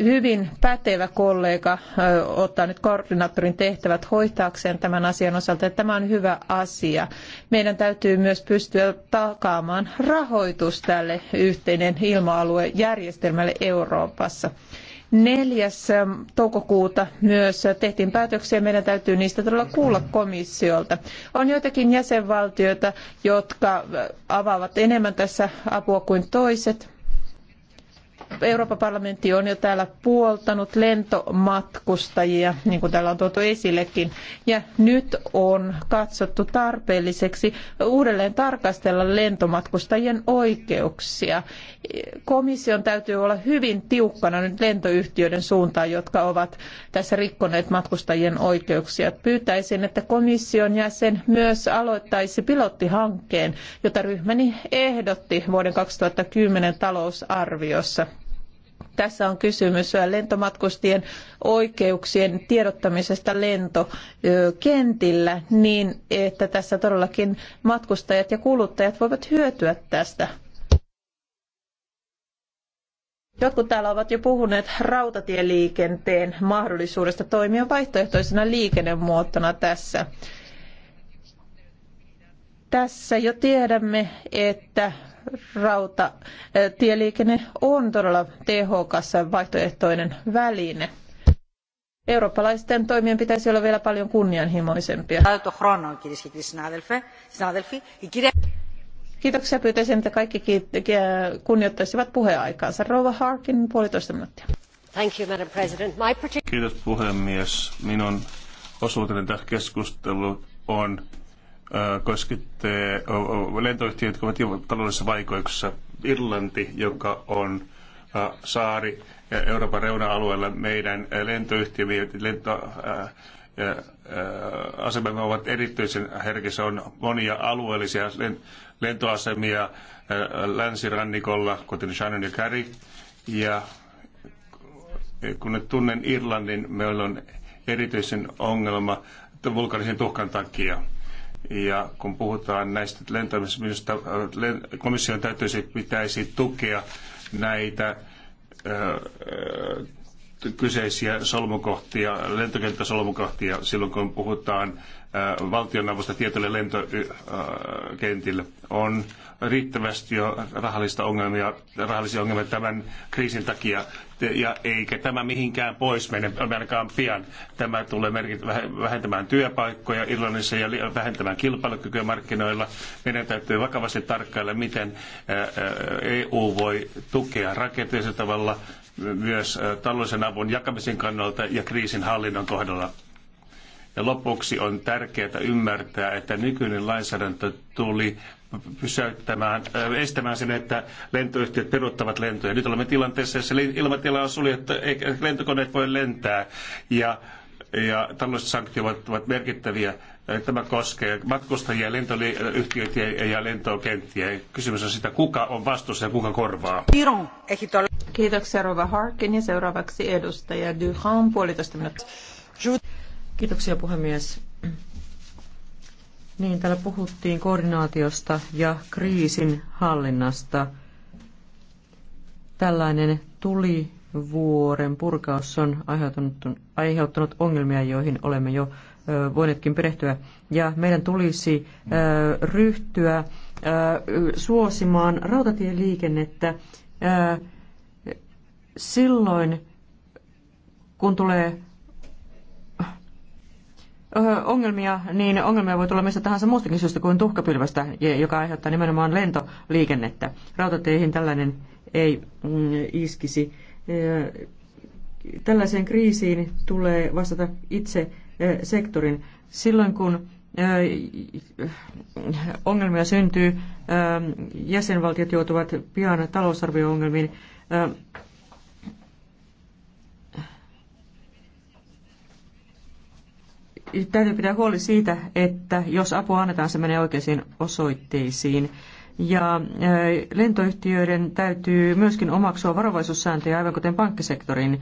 hyvin pätevä kollega ottaa nyt koordinaattorin tehtävät hoitaakseen tämän asian osalta. Ja tämä on hyvä asia. Meidän täytyy myös pystyä takaamaan rahoitus tälle yhteinen ilma-aluejärjestelmälle Euroopassa. 4. toukokuuta myös tehtiin päätöksiä, meidän täytyy niistä todella kuulla komissiolta. On joitakin jäsenvaltioita, jotka avaavat enemmän tässä apua kuin toiset, Euroopan parlamentti on jo täällä puoltanut lentomatkustajia, niin kuin täällä on tuotu esillekin. Ja nyt on katsottu tarpeelliseksi uudelleen tarkastella lentomatkustajien oikeuksia. Komission täytyy olla hyvin tiukkana nyt lentoyhtiöiden suuntaan, jotka ovat tässä rikkoneet matkustajien oikeuksia. Pyytäisin, että komission jäsen myös aloittaisi pilottihankkeen, jota ryhmäni ehdotti vuoden 2010 talousarviossa. Tässä on kysymys lentomatkustien oikeuksien tiedottamisesta lentokentillä niin, että tässä todellakin matkustajat ja kuluttajat voivat hyötyä tästä. Jotkut täällä ovat jo puhuneet rautatieliikenteen mahdollisuudesta toimia vaihtoehtoisena liikennemuotona tässä. Tässä jo tiedämme, että rauta, eh, on todella tehokas vaihtoehtoinen väline. Eurooppalaisten toimien pitäisi olla vielä paljon kunnianhimoisempia. Kiitoksia. Pyytäisin, että kaikki kunnioittaisivat puheaikaansa. Rouva Harkin, puolitoista minuuttia. Thank you, Madam President. My... Kiitos puhemies. Minun osuuteni tässä keskusteluun on koskette lentoyhtiöitä, jotka ovat taloudellisissa vaikoissa. Irlanti, joka on saari Euroopan reuna-alueella, meidän lentoyhtiömme lento, asemamme ovat erityisen herkissä. On monia alueellisia lentoasemia länsirannikolla, kuten Shannon ja Kari. Ja kun tunnen Irlannin, meillä on erityisen ongelma vulkanisen tuhkan takia ja kun puhutaan näistä lentämisestä, komission täytyisi pitäisi tukea näitä kyseisiä solmukohtia, lentokenttäsolmukohtia silloin, kun puhutaan Äh, valtioneuvosta tietylle lentokentille. Äh, On riittävästi jo rahallista ongelmia, rahallisia ongelmia tämän kriisin takia, ja eikä tämä mihinkään pois mene, ainakaan pian. Tämä tulee merkit, vähentämään työpaikkoja Irlannissa ja vähentämään kilpailukykyä markkinoilla. Meidän täytyy vakavasti tarkkailla, miten äh, EU voi tukea rakenteellisella tavalla myös taloudellisen avun jakamisen kannalta ja kriisin hallinnon kohdalla ja lopuksi on tärkeää ymmärtää, että nykyinen lainsäädäntö tuli pysäyttämään, äh, estämään sen, että lentoyhtiöt peruuttavat lentoja. Nyt olemme tilanteessa, jossa ilmatila on suljettu, eikä lentokoneet voi lentää. Ja, ja taloudelliset sanktiot ovat merkittäviä. Äh, tämä koskee matkustajia, lentoyhtiöitä ja lentokenttiä. Kysymys on sitä, kuka on vastuussa ja kuka korvaa. Kiitoksia Rova Harkin ja seuraavaksi edustaja Duhan puolitoista minuuttia. Kiitoksia puhemies. Niin, täällä puhuttiin koordinaatiosta ja kriisin hallinnasta. Tällainen tulivuoren purkaus on aiheuttanut, aiheuttanut ongelmia, joihin olemme jo voineetkin perehtyä. Ja meidän tulisi ryhtyä suosimaan rautatieliikennettä silloin, kun tulee ongelmia, niin ongelmia voi tulla mistä tahansa muustakin syystä kuin tuhkapylvästä, joka aiheuttaa nimenomaan lentoliikennettä. Rautateihin tällainen ei mm, iskisi. Tällaiseen kriisiin tulee vastata itse sektorin. Silloin kun ongelmia syntyy, jäsenvaltiot joutuvat pian talousarvio-ongelmiin. täytyy pitää huoli siitä, että jos apua annetaan, se menee oikeisiin osoitteisiin. Ja lentoyhtiöiden täytyy myöskin omaksua varovaisuussääntöjä, aivan kuten pankkisektorin,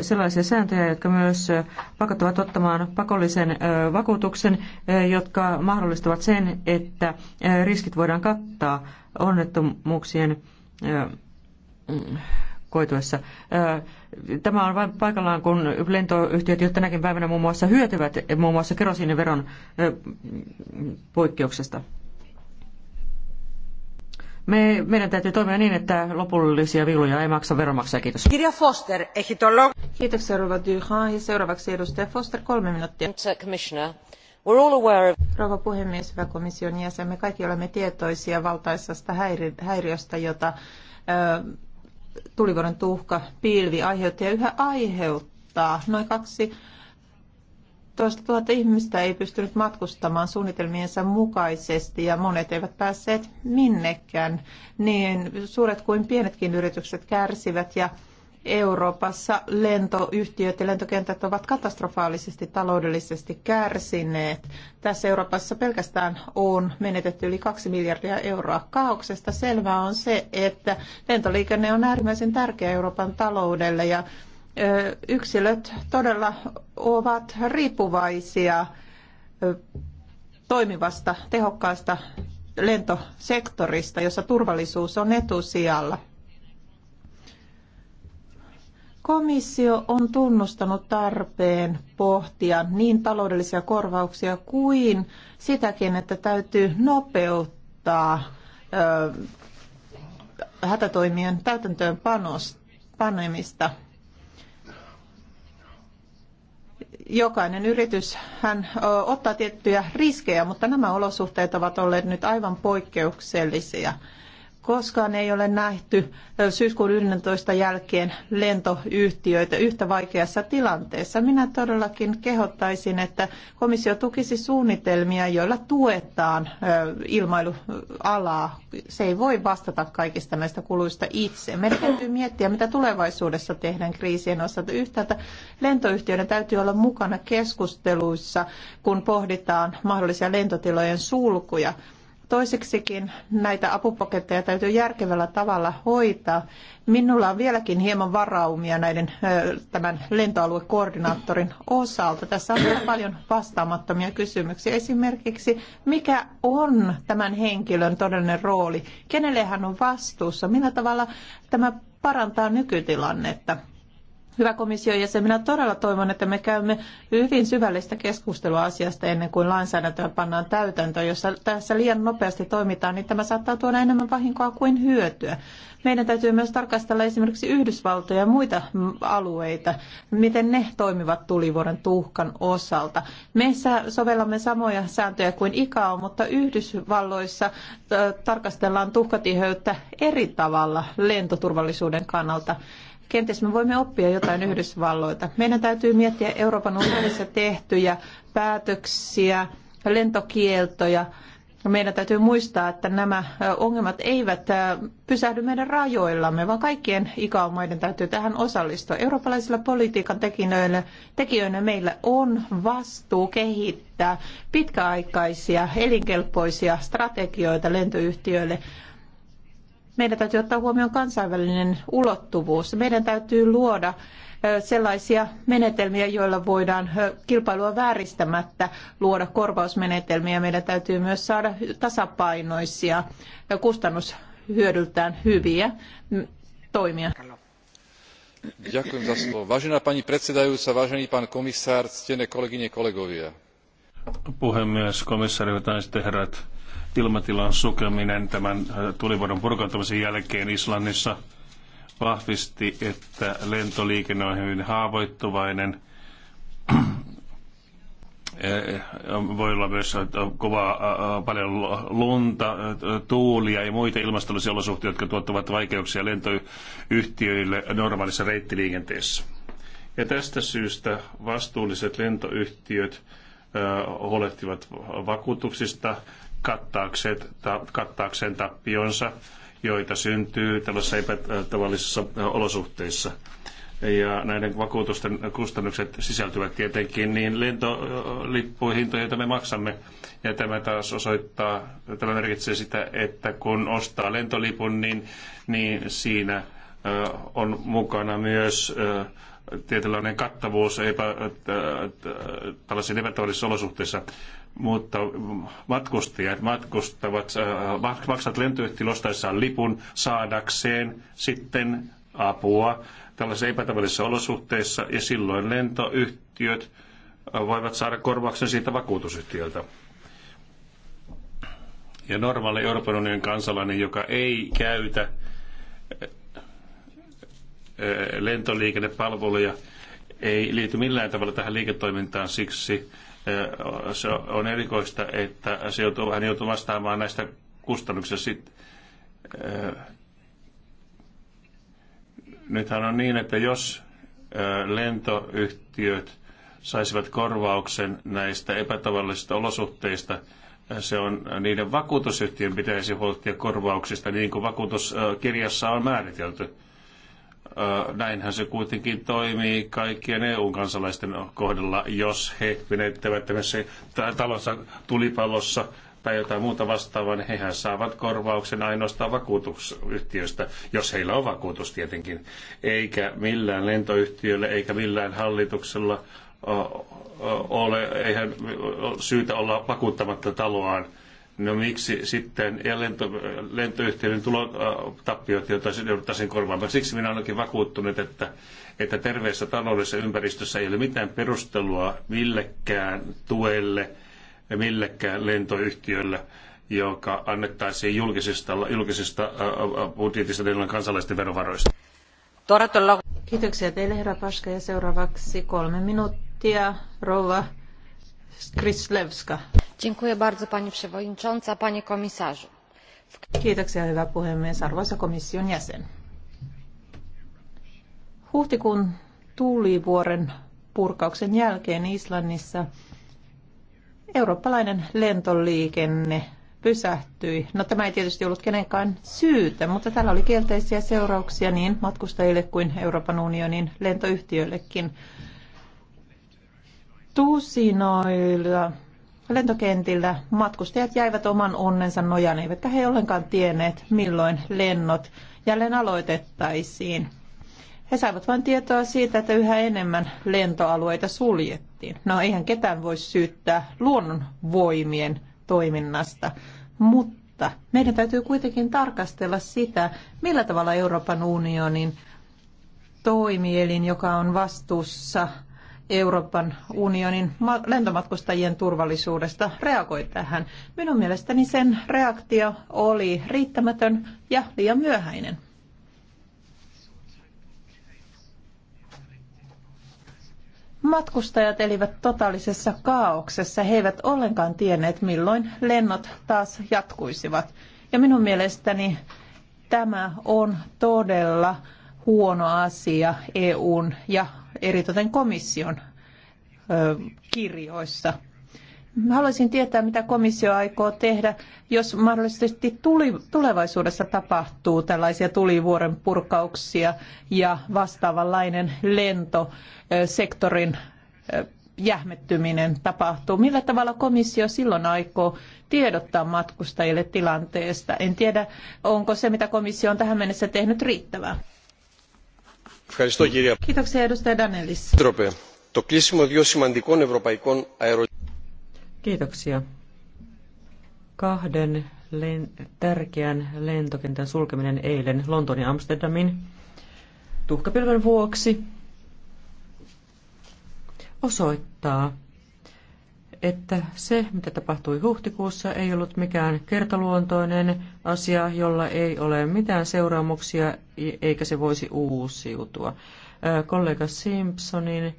sellaisia sääntöjä, jotka myös pakottavat ottamaan pakollisen vakuutuksen, jotka mahdollistavat sen, että riskit voidaan kattaa onnettomuuksien mm, koituessa. Tämä on vain paikallaan, kun lentoyhtiöt jo tänäkin päivänä muun muassa hyötyvät muun muassa kerosiiniveron poikkeuksesta. Me, meidän täytyy toimia niin, että lopullisia viluja ei maksa veromaksaa. Kiitos. Kirja Foster, ehitolo. Kiitoksia, Rova Dyhan. Ja seuraavaksi edustaja Foster, kolme minuuttia. We're all aware of... Rouva puhemies, hyvä komission jäsen, me kaikki olemme tietoisia valtaisesta häiri- häiriöstä, jota tulivuoren tuhka pilvi aiheutti ja yhä aiheuttaa. Noin 12 toista ihmistä ei pystynyt matkustamaan suunnitelmiensa mukaisesti ja monet eivät päässeet minnekään. Niin suuret kuin pienetkin yritykset kärsivät ja Euroopassa lentoyhtiöt ja lentokentät ovat katastrofaalisesti taloudellisesti kärsineet. Tässä Euroopassa pelkästään on menetetty yli 2 miljardia euroa kaauksesta. Selvää on se, että lentoliikenne on äärimmäisen tärkeä Euroopan taloudelle ja yksilöt todella ovat riippuvaisia toimivasta, tehokkaasta lentosektorista, jossa turvallisuus on etusijalla. Komissio on tunnustanut tarpeen pohtia niin taloudellisia korvauksia kuin sitäkin, että täytyy nopeuttaa ö, hätätoimien täytäntöön panemista. Jokainen yritys hän ottaa tiettyjä riskejä, mutta nämä olosuhteet ovat olleet nyt aivan poikkeuksellisia. Koskaan ei ole nähty syyskuun 11. jälkeen lentoyhtiöitä yhtä vaikeassa tilanteessa. Minä todellakin kehottaisin, että komissio tukisi suunnitelmia, joilla tuetaan ilmailualaa. Se ei voi vastata kaikista näistä kuluista itse. Meidän täytyy miettiä, mitä tulevaisuudessa tehdään kriisien osalta. Yhtäältä lentoyhtiöiden täytyy olla mukana keskusteluissa, kun pohditaan mahdollisia lentotilojen sulkuja. Toiseksikin näitä apupaketteja täytyy järkevällä tavalla hoitaa. Minulla on vieläkin hieman varaumia näiden tämän lentoaluekoordinaattorin osalta. Tässä on vielä paljon vastaamattomia kysymyksiä. Esimerkiksi, mikä on tämän henkilön todellinen rooli? Kenelle hän on vastuussa? Millä tavalla tämä parantaa nykytilannetta? Hyvä komission jäsen, minä todella toivon, että me käymme hyvin syvällistä keskustelua asiasta ennen kuin lainsäädäntöä pannaan täytäntöön. Jos tässä liian nopeasti toimitaan, niin tämä saattaa tuoda enemmän vahinkoa kuin hyötyä. Meidän täytyy myös tarkastella esimerkiksi Yhdysvaltoja ja muita alueita, miten ne toimivat tulivuoren tuhkan osalta. Me sovellamme samoja sääntöjä kuin ICAO, mutta Yhdysvalloissa tarkastellaan tuhkatiheyttä eri tavalla lentoturvallisuuden kannalta. Kenties me voimme oppia jotain Yhdysvalloilta. Meidän täytyy miettiä Euroopan unionissa tehtyjä päätöksiä, lentokieltoja. Meidän täytyy muistaa, että nämä ongelmat eivät pysähdy meidän rajoillamme, vaan kaikkien ikäomaiden täytyy tähän osallistua. Eurooppalaisilla politiikan tekijöillä, tekijöillä meillä on vastuu kehittää pitkäaikaisia, elinkelpoisia strategioita lentoyhtiöille meidän täytyy ottaa huomioon kansainvälinen ulottuvuus. Meidän täytyy luoda sellaisia menetelmiä, joilla voidaan kilpailua vääristämättä luoda korvausmenetelmiä. Meidän täytyy myös saada tasapainoisia ja kustannushyödyltään hyviä toimia. Ďakujem za slovo. Vážená pani predsedajúca, vážený pán komisár, ctené kolegyne, kolegovia. Puhemies, herrat ilmatilan sukeminen tämän äh, tulivuoron purkautumisen jälkeen Islannissa vahvisti, että lentoliikenne on hyvin haavoittuvainen. Äh, voi olla myös kovaa, äh, paljon lunta, tuulia ja muita ilmastollisia olosuhteita, jotka tuottavat vaikeuksia lentoyhtiöille normaalissa reittiliikenteessä. Ja tästä syystä vastuulliset lentoyhtiöt huolehtivat vakuutuksista, kattaakseen, ta, kattaakseen tappionsa, joita syntyy tällaisissa epätavallisissa äh, äh, olosuhteissa. Ja näiden vakuutusten kustannukset sisältyvät tietenkin niin lentolippuhintoihin, joita me maksamme. Ja tämä taas osoittaa, tämä merkitsee sitä, että kun ostaa lentolipun, niin, niin siinä äh, on mukana myös tietynlainen kattavuus epä, tällaisissa epätavallisissa olosuhteissa mutta matkustajat matkustavat, äh, maksavat lentoyhtiön ostaessaan lipun saadakseen sitten apua tällaisissa epätavallisissa olosuhteissa, ja silloin lentoyhtiöt äh, voivat saada korvauksen siitä vakuutusyhtiöltä. Ja normaali Euroopan unionin kansalainen, joka ei käytä äh, lentoliikennepalveluja, ei liity millään tavalla tähän liiketoimintaan siksi, se on erikoista, että se joutuu, hän joutuu vastaamaan näistä kustannuksista. Sit, nythän on niin, että jos lentoyhtiöt saisivat korvauksen näistä epätavallisista olosuhteista, se on, niiden vakuutusyhtiön pitäisi huolehtia korvauksista niin kuin vakuutuskirjassa on määritelty näinhän se kuitenkin toimii kaikkien EU-kansalaisten kohdalla, jos he menettävät tämmöisessä talossa tulipalossa tai jotain muuta vastaavaa, niin hehän saavat korvauksen ainoastaan vakuutusyhtiöstä, jos heillä on vakuutus tietenkin, eikä millään lentoyhtiöllä eikä millään hallituksella ole, eihän syytä olla vakuuttamatta taloaan No miksi sitten lento, lentoyhtiöiden tulotappiot, äh, joita jouduttaisiin korvaamaan? Siksi minä olenkin vakuuttunut, että, että terveessä taloudellisessa ympäristössä ei ole mitään perustelua millekään tuelle, millekään lentoyhtiölle, joka annettaisiin julkisista julkisista äh, äh, budjetista kansalaisten verovaroista. Kiitoksia teille, herra Paska, ja seuraavaksi kolme minuuttia, rouva Kiitoksia hyvä puhemies, arvoisa komission jäsen. Huhtikuun tuulivuoren purkauksen jälkeen Islannissa eurooppalainen lentoliikenne pysähtyi. No tämä ei tietysti ollut kenenkään syytä, mutta tällä oli kielteisiä seurauksia niin matkustajille kuin Euroopan unionin lentoyhtiöillekin tusinoilla lentokentillä matkustajat jäivät oman onnensa nojan, eivätkä he ollenkaan tienneet, milloin lennot jälleen aloitettaisiin. He saivat vain tietoa siitä, että yhä enemmän lentoalueita suljettiin. No eihän ketään voi syyttää luonnonvoimien toiminnasta, mutta meidän täytyy kuitenkin tarkastella sitä, millä tavalla Euroopan unionin toimielin, joka on vastuussa Euroopan unionin lentomatkustajien turvallisuudesta reagoi tähän. Minun mielestäni sen reaktio oli riittämätön ja liian myöhäinen. Matkustajat elivät totaalisessa kaauksessa. He eivät ollenkaan tienneet, milloin lennot taas jatkuisivat. Ja minun mielestäni tämä on todella huono asia EUn ja eritoten komission kirjoissa. Haluaisin tietää, mitä komissio aikoo tehdä, jos mahdollisesti tuli, tulevaisuudessa tapahtuu tällaisia tulivuoren purkauksia ja vastaavanlainen lentosektorin jähmettyminen tapahtuu. Millä tavalla komissio silloin aikoo tiedottaa matkustajille tilanteesta? En tiedä, onko se, mitä komissio on tähän mennessä tehnyt, riittävää. Kiitoksia edustaja Danelis. Το κλείσιμο δύο σημαντικών ευρωπαϊκών Kiitoksia. tärkeän lentokentän sulkeminen eilen Lontoon ja Amsterdamin tuhkapilven vuoksi osoittaa, että se, mitä tapahtui huhtikuussa, ei ollut mikään kertaluontoinen asia, jolla ei ole mitään seuraamuksia eikä se voisi uusiutua. Kollega Simpsonin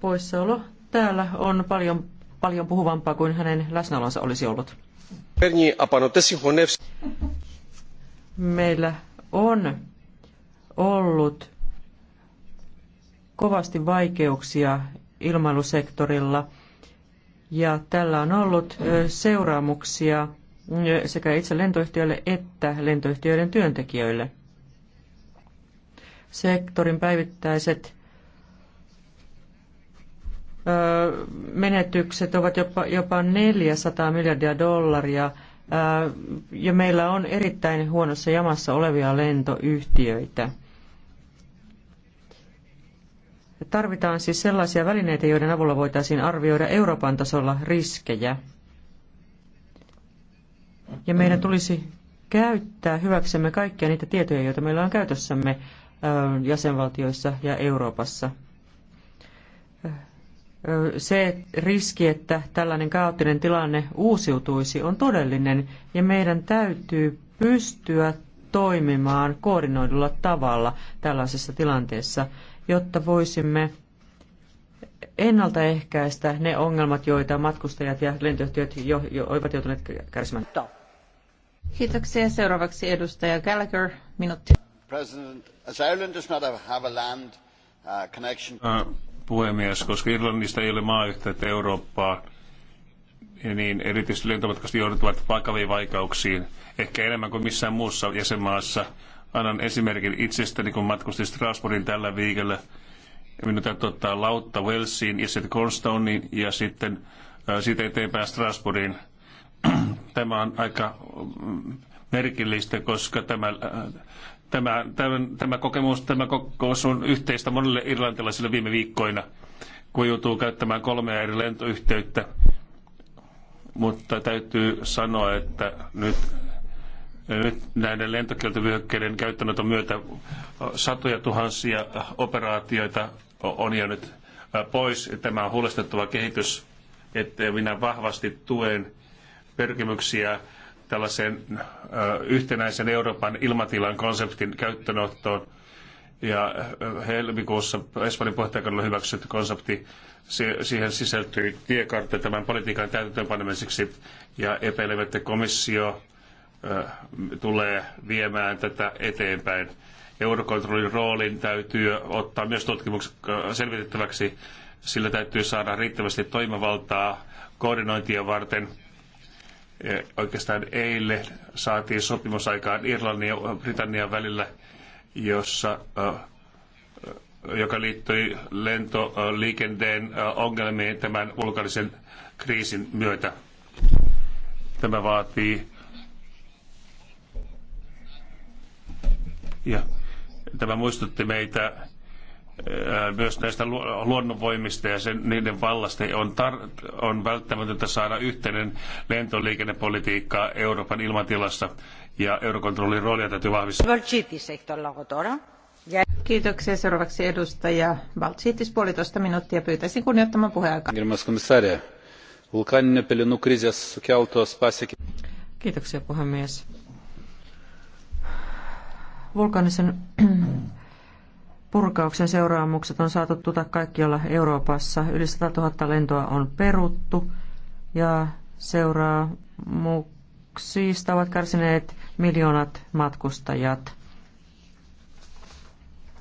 poissaolo täällä on paljon, paljon puhuvampaa kuin hänen läsnäolonsa olisi ollut. Meillä on ollut kovasti vaikeuksia ilmailusektorilla – ja tällä on ollut seuraamuksia sekä itse lentoyhtiöille että lentoyhtiöiden työntekijöille. Sektorin päivittäiset menetykset ovat jopa, jopa 400 miljardia dollaria, ja meillä on erittäin huonossa jamassa olevia lentoyhtiöitä. Tarvitaan siis sellaisia välineitä, joiden avulla voitaisiin arvioida Euroopan tasolla riskejä. Ja meidän tulisi käyttää hyväksemme kaikkia niitä tietoja, joita meillä on käytössämme jäsenvaltioissa ja Euroopassa. Se riski, että tällainen kaoottinen tilanne uusiutuisi, on todellinen ja meidän täytyy pystyä toimimaan koordinoidulla tavalla tällaisessa tilanteessa jotta voisimme ennaltaehkäistä ne ongelmat, joita matkustajat ja lentoyhtiöt jo, jo ovat joutuneet kärsimään. Kiitoksia. Seuraavaksi edustaja Gallagher, minuutti. President, as Ireland does not have a land uh, connection... Uh, puhemies, koska Irlannista ei ole maayhteyttä Eurooppaan, niin erityisesti lentomatkat joutuvat vakaviin vaikeuksiin, ehkä enemmän kuin missään muussa jäsenmaassa – Annan esimerkin itsestäni, kun matkustin Strasbourgin tällä viikolla. Minun täytyy ottaa lautta Welsiin ja sitten Cornstoneen ja sitten äh, siitä eteenpäin Strasbourgiin. Tämä on aika mm, merkillistä, koska tämä, äh, tämä, tämä, tämä, kokemus, tämä kokous on yhteistä monille irlantilaisille viime viikkoina, kun joutuu käyttämään kolmea eri lentoyhteyttä. Mutta täytyy sanoa, että nyt nyt näiden lentokieltovyöhykkeiden käyttöönoton myötä satoja tuhansia operaatioita on jo nyt pois. Tämä on huolestuttava kehitys, että minä vahvasti tuen pyrkimyksiä tällaisen yhtenäisen Euroopan ilmatilan konseptin käyttöönottoon. Ja helmikuussa Espanjan puheenjohtajakaudella hyväksytty konsepti, siihen sisältyi tiekartta tämän politiikan täytäntöönpanemiseksi ja epäilemättä komissio tulee viemään tätä eteenpäin. Eurokontrollin roolin täytyy ottaa myös tutkimuksen selvitettäväksi. Sillä täytyy saada riittävästi toimivaltaa koordinointia varten. Oikeastaan eilen saatiin sopimus aikaan Irlannin ja Britannian välillä, jossa, joka liittyi lentoliikenteen ongelmiin tämän ulkoisen kriisin myötä. Tämä vaatii Ja tämä muistutti meitä myös näistä luonnonvoimista ja sen, niiden vallasta on, tar- on välttämätöntä saada yhteinen lentoliikennepolitiikka Euroopan ilmatilassa ja eurokontrollin roolia täytyy vahvistaa. Kiitoksia. Seuraavaksi edustaja Valtsiitis puolitoista minuuttia. Pyytäisin kunnioittamaan puheenjohtaja. Kiitoksia puhemies. Vulkaanisen purkauksen seuraamukset on saatu tuta kaikkialla Euroopassa. Yli 100 000 lentoa on peruttu ja seuraamuksista ovat kärsineet miljoonat matkustajat.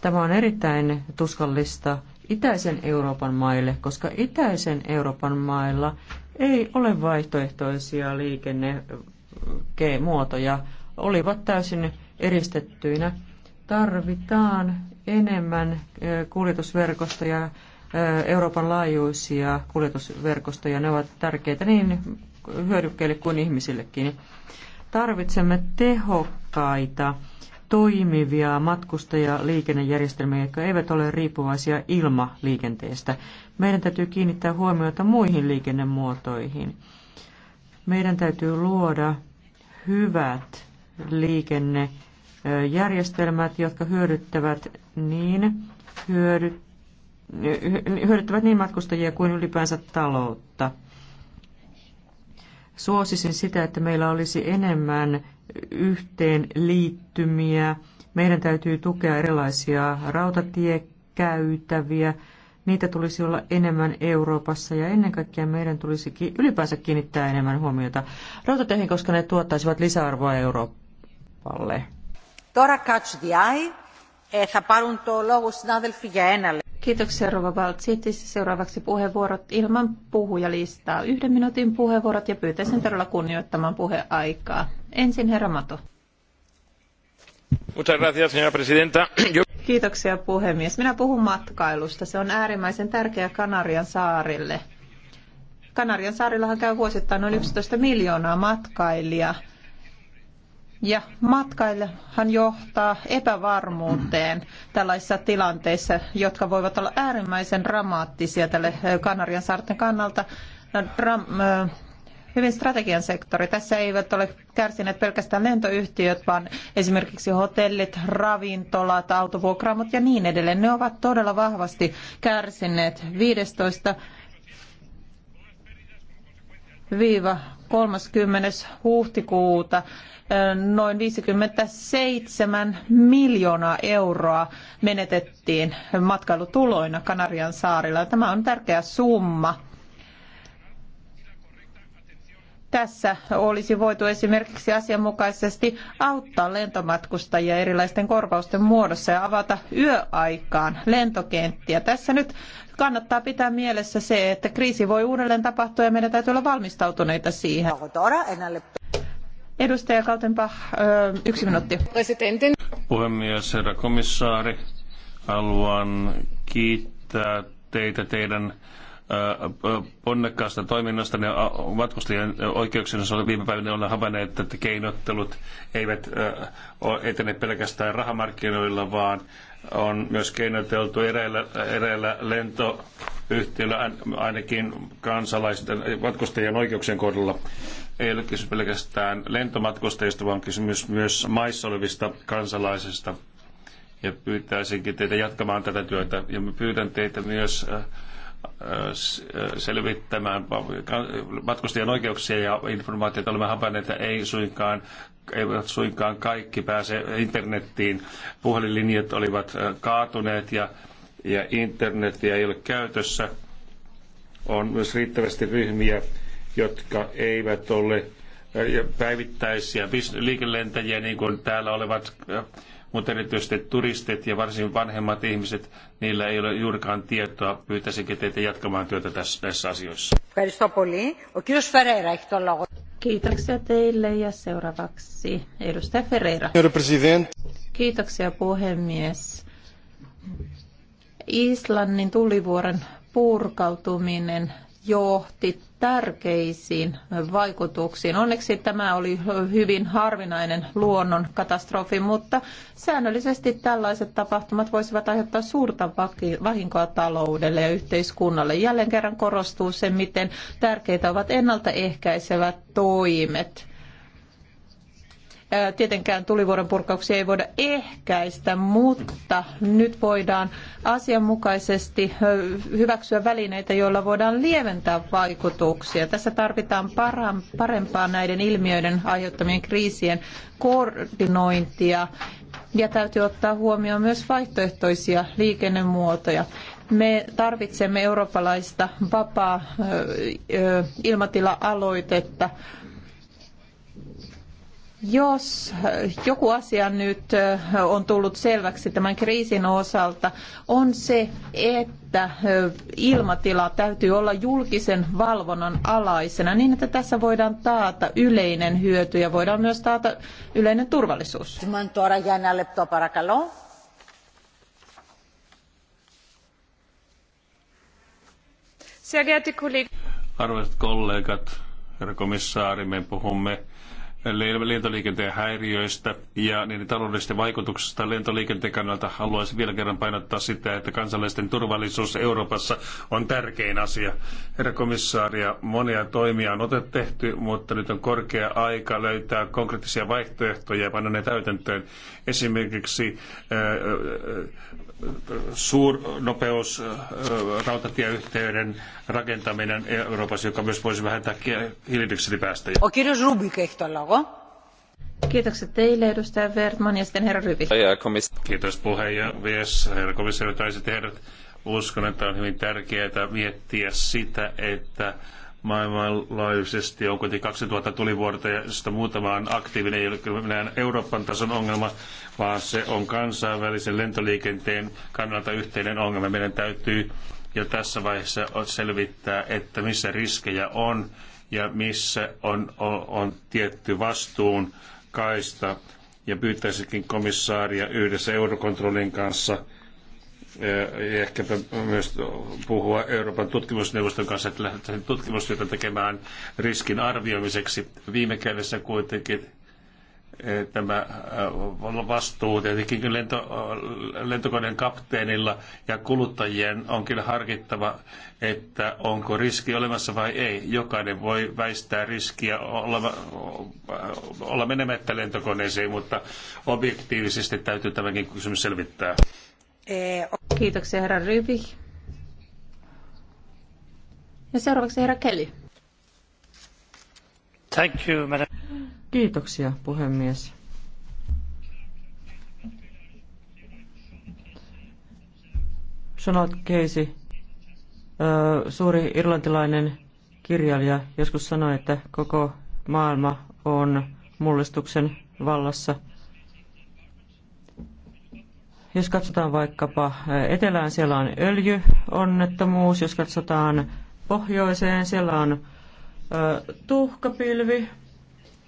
Tämä on erittäin tuskallista itäisen Euroopan maille, koska itäisen Euroopan mailla ei ole vaihtoehtoisia liikennemuotoja. Olivat täysin eristettyinä. Tarvitaan enemmän kuljetusverkostoja, Euroopan laajuisia kuljetusverkostoja. Ne ovat tärkeitä niin hyödykkeille kuin ihmisillekin. Tarvitsemme tehokkaita, toimivia matkustajaliikennejärjestelmiä, jotka eivät ole riippuvaisia ilmaliikenteestä. Meidän täytyy kiinnittää huomiota muihin liikennemuotoihin. Meidän täytyy luoda hyvät liikenne- järjestelmät, jotka hyödyttävät niin, hyödy, hyödyttävät niin matkustajia kuin ylipäänsä taloutta. Suosisin sitä, että meillä olisi enemmän yhteenliittymiä. Meidän täytyy tukea erilaisia rautatiekäytäviä. Niitä tulisi olla enemmän Euroopassa ja ennen kaikkea meidän tulisi ylipäänsä kiinnittää enemmän huomiota rautateihin, koska ne tuottaisivat lisäarvoa Euroopalle. Τώρα catch the eye. Ε, θα πάρουν το λόγο συνάδελφοι για ένα λεπτό. Kiitoksia Rova Baltsitis. Seuraavaksi puheenvuorot ilman puhujalistaa. Yhden minuutin puheenvuorot ja pyytäisin todella kunnioittamaan puheaikaa. Ensin herra Mato. Kiitoksia puhemies. Minä puhun matkailusta. Se on äärimmäisen tärkeä Kanarian saarille. Kanarian saarillahan käy vuosittain noin 11 miljoonaa matkailijaa ja hän johtaa epävarmuuteen tällaisissa tilanteissa, jotka voivat olla äärimmäisen dramaattisia tälle Kanarian saarten kannalta. Dram- hyvin strategian sektori. Tässä eivät ole kärsineet pelkästään lentoyhtiöt, vaan esimerkiksi hotellit, ravintolat, autovuokraamot ja niin edelleen. Ne ovat todella vahvasti kärsineet 15 30. huhtikuuta noin 57 miljoonaa euroa menetettiin matkailutuloina Kanarian saarilla. Tämä on tärkeä summa. Tässä olisi voitu esimerkiksi asianmukaisesti auttaa lentomatkustajia erilaisten korvausten muodossa ja avata yöaikaan lentokenttiä. Tässä nyt kannattaa pitää mielessä se, että kriisi voi uudelleen tapahtua ja meidän täytyy olla valmistautuneita siihen. Edustaja Kaltenbach, yksi minuutti. Presidentin. Puhemies, herra komissaari, haluan kiittää teitä teidän ponnekkaasta toiminnasta. ja matkustajien oikeuksien osalta viime päivinä olemme havainneet, että keinottelut eivät etene pelkästään rahamarkkinoilla, vaan on myös keinoteltu eräillä, eräillä lentoyhtiöillä, ainakin kansalaisten matkustajien oikeuksien kohdalla. Ei ole kysymys pelkästään lentomatkustajista, vaan kysymys myös maissa olevista kansalaisista. Ja pyytäisinkin teitä jatkamaan tätä työtä. Ja mä pyydän teitä myös äh, äh, selvittämään matkustajan oikeuksia ja informaatiota. Olemme havainneet, että ei suinkaan eivät suinkaan kaikki pääse internettiin. Puhelinlinjat olivat äh, kaatuneet ja, ja internetiä ei ole käytössä. On myös riittävästi ryhmiä, jotka eivät ole äh, päivittäisiä liikelentäjiä, niin kuin täällä olevat, äh, mutta erityisesti turistit ja varsin vanhemmat ihmiset, niillä ei ole juurikaan tietoa. Pyytäisinkin teitä jatkamaan työtä tässä, näissä asioissa. Kiitoksia teille ja seuraavaksi edustaja Ferreira. Kiitoksia puhemies. Islannin tulivuoren purkautuminen johti tärkeisiin vaikutuksiin. Onneksi tämä oli hyvin harvinainen luonnon katastrofi, mutta säännöllisesti tällaiset tapahtumat voisivat aiheuttaa suurta vahinkoa taloudelle ja yhteiskunnalle. Jälleen kerran korostuu se, miten tärkeitä ovat ennaltaehkäisevät toimet Tietenkään tulivuoren purkauksia ei voida ehkäistä, mutta nyt voidaan asianmukaisesti hyväksyä välineitä, joilla voidaan lieventää vaikutuksia. Tässä tarvitaan parempaa näiden ilmiöiden aiheuttamien kriisien koordinointia ja täytyy ottaa huomioon myös vaihtoehtoisia liikennemuotoja. Me tarvitsemme eurooppalaista vapaa ilmatila-aloitetta jos äh, joku asia nyt äh, on tullut selväksi tämän kriisin osalta, on se, että äh, ilmatila täytyy olla julkisen valvonnan alaisena niin, että tässä voidaan taata yleinen hyöty ja voidaan myös taata yleinen turvallisuus. Arvoisat kollegat, herra komissaari, me puhumme lentoliikenteen häiriöistä ja niiden taloudellisista vaikutuksista lentoliikenteen kannalta haluaisin vielä kerran painottaa sitä, että kansalaisten turvallisuus Euroopassa on tärkein asia. Herra komissaaria, monia toimia on otettu tehty, mutta nyt on korkea aika löytää konkreettisia vaihtoehtoja ja panna ne täytäntöön. Esimerkiksi äh, äh, suurnopeus rautatieyhteyden rakentaminen Euroopassa, joka myös voisi vähentää hiilidioksidipäästöjä. O kirjos Rubik ehtologo. Kiitokset teille, edustaja Vertman ja sitten herra Rybik. Kiitos puheenjohtaja, herra komissio, taisit herrat. Uskon, että on hyvin tärkeää miettiä sitä, että maailmanlaajuisesti on kuitenkin 2000 tulivuorta, josta muutama on aktiivinen, ei ole kyllä Euroopan tason ongelma, vaan se on kansainvälisen lentoliikenteen kannalta yhteinen ongelma. Meidän täytyy jo tässä vaiheessa selvittää, että missä riskejä on ja missä on, on, on tietty vastuun kaista. Ja pyytäisikin komissaaria yhdessä Eurokontrollin kanssa – Eh, ehkäpä myös puhua Euroopan tutkimusneuvoston kanssa, että lähdetään tutkimustyötä tekemään riskin arvioimiseksi. Viime kädessä kuitenkin eh, tämä eh, vastuu tietenkin lento, lentokoneen kapteenilla ja kuluttajien on kyllä harkittava, että onko riski olemassa vai ei. Jokainen voi väistää riskiä olla, olla menemättä lentokoneeseen, mutta objektiivisesti täytyy tämäkin kysymys selvittää. Kiitoksia herra Ryvi. Ja seuraavaksi herra Kelly. Thank you, madam. Kiitoksia puhemies. Sanoit Keisi, suuri irlantilainen kirjailija, joskus sanoi, että koko maailma on mullistuksen vallassa – jos katsotaan vaikkapa eh, etelään, siellä on öljyonnettomuus. Jos katsotaan pohjoiseen, siellä on eh, tuhkapilvi,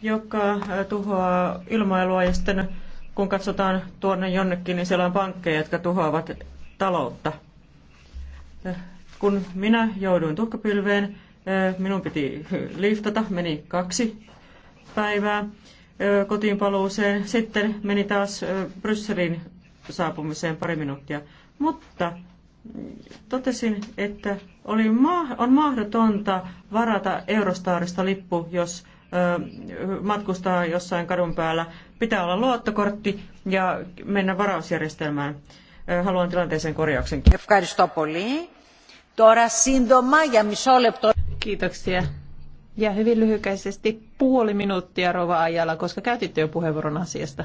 joka eh, tuhoaa ilmailua. Ja sitten kun katsotaan tuonne jonnekin, niin siellä on pankkeja, jotka tuhoavat taloutta. Kun minä jouduin tuhkapilveen, minun piti liftata, meni kaksi päivää kotiin paluuseen. Sitten meni taas Brysselin saapumiseen pari minuuttia. Mutta mm, totesin, että oli ma- on mahdotonta varata Eurostarista lippu, jos ö, matkustaa jossain kadun päällä. Pitää olla luottokortti ja mennä varausjärjestelmään. Ö, haluan tilanteeseen korjauksen. Kiitoksia. Ja hyvin lyhykäisesti puoli minuuttia, Rova ajalla, koska käytitte jo puheenvuoron asiasta.